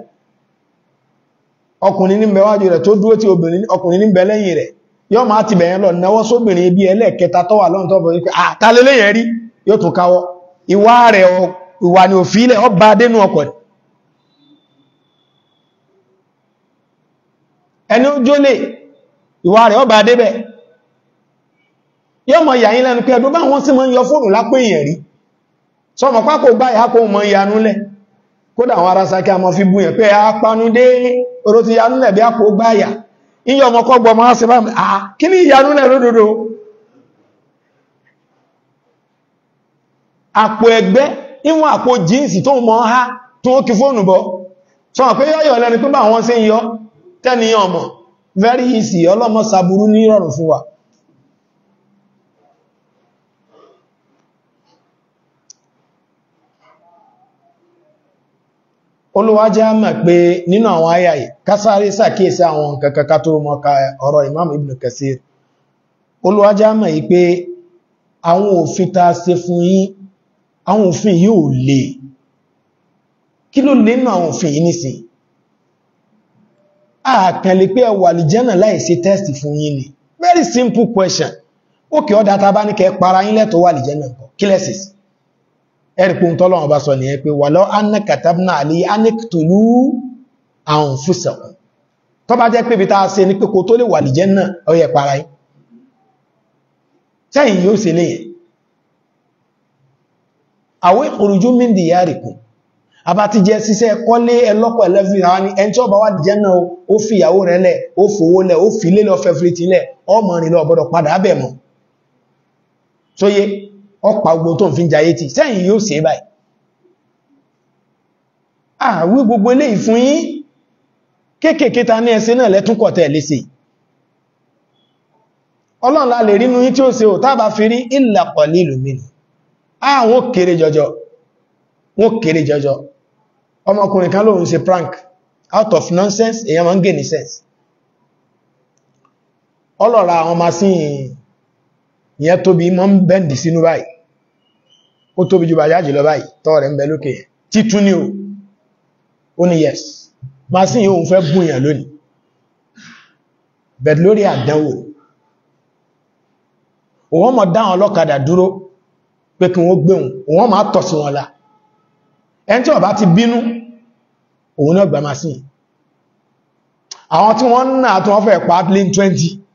ọkùnrin ní bẹ̀wájú rẹ̀ tó dúró tí obìnrin ọkùnrin ní bẹ̀lẹ́yìn rẹ̀ yọ máa ti bẹ̀yẹn lọ náwọ́ sóbìnrin bí ẹlẹ́ẹ̀kẹta tọ́wà lọ́n yọ́ mọ̀ lẹ́nu pé bá wọ́n sí mọ́ yọ fóònù lápé sọmọ̀ pákò gbá ya mọ̀ ìyanúlẹ̀ kódà àwọn ará sáké àmọ́ fi búyàn pé a panúdé oró ti yanúlẹ̀ bí àpò gbáyà iye ọmọkọ́ gbọmọ á sí ya mi kí ní ìyanúlẹ̀ lódodo àpò ẹgbẹ́ ìwọ̀n àpò jíǹsì tó mọ́ ha tó kí fóònù bọ́ sọmọ̀ pé yọ́yọ̀ lẹ́ni pé bá wọn sí ọmọ very easy ọlọ́mọ sàbúrú ní rọrùn fún wa olúwájá mọ̀ pé nínú àwọn àyà yìí kásáré sàkíyèsí àwọn kankanká tó mọ́ ka ọ̀rọ̀ imam ibn kassir olúwájá mọ̀ yìí pé àwọn òfin ta ṣe fún yín àwọn òfin yìí ò lè kí ló lè nù àwọn òfin yìí nìsìn àkànlẹ̀ pé ẹwà àlìjẹ́nà láìsí tẹ́sì fún yín ni very simple question ó kí ọ́dá ta bá ní kẹ́ para yín lẹ́tọ̀ọ́ wà àlìjẹ́nà kọ́ ẹ̀rìpùn tọ́lọ́wọ́ bá sọ nìyẹn pé wà lọ́ anna katabna àlè anikitolu àwọn fúsẹ̀ tó bá jẹ́ pé bí táa ṣe ní pé kò tó lè wà lìjẹ́ náà ọyẹ para yìí sẹ́yìn yóò ṣe léyìn àwọn ìkòròjú mìndì yà rìkùn àbá ti jẹ́ síṣẹ́ kọ́lé ni ẹni tí ó bá wà lìjẹ́ náà ó fi ìyàwó rẹ̀ lẹ̀ ó fowó lẹ̀ ó fi lé lọ fẹ́ fìrìtì lẹ̀ ọmọ rìn lọ gbọ́dọ̀ padà bẹ̀ mọ́ sóyé ọpa ogun tó ń fi jayé ti sẹ́yìn yóò ṣe báyìí àwí gbogbo ilé ìfún yí kéèkèé ta ní ẹsẹ náà lẹ́túnkọ̀ tẹ́ lè ṣe ọlọ́run la lè rínú yí tí ó ṣe ò tábà fi rí ìlàpọ̀ ní ìlú àwọn kéré jọjọ wọ́n kéré jọjọ ọmọkùnrin kan lóhun se prank out of nonsense èyàn máa ń gẹ̀ ní sense ọlọ́ra àwọn masíyìn ìyẹn tóbi mọ́ ń bẹ́ǹdì sínú báyìí ó tóbi ju bàjáàjì lọ báyìí tọ́ rẹ̀ ń bẹ lókè yẹn títún ní o ó ní yes masin yóò fẹ́ bùn yẹn lónìí bẹ̀t lórí àdánwò òwọ́n mọ̀ dáhùn ọlọ́kadà dúró pé kí wọ́n gbéhùn òwọ́n máa tọ̀ sí wọn la ẹni tí ó bá ti bínú òun náà gbà masin àwọn tí wọ́n ń nà àtúnwọ́fẹ́ pàápín 20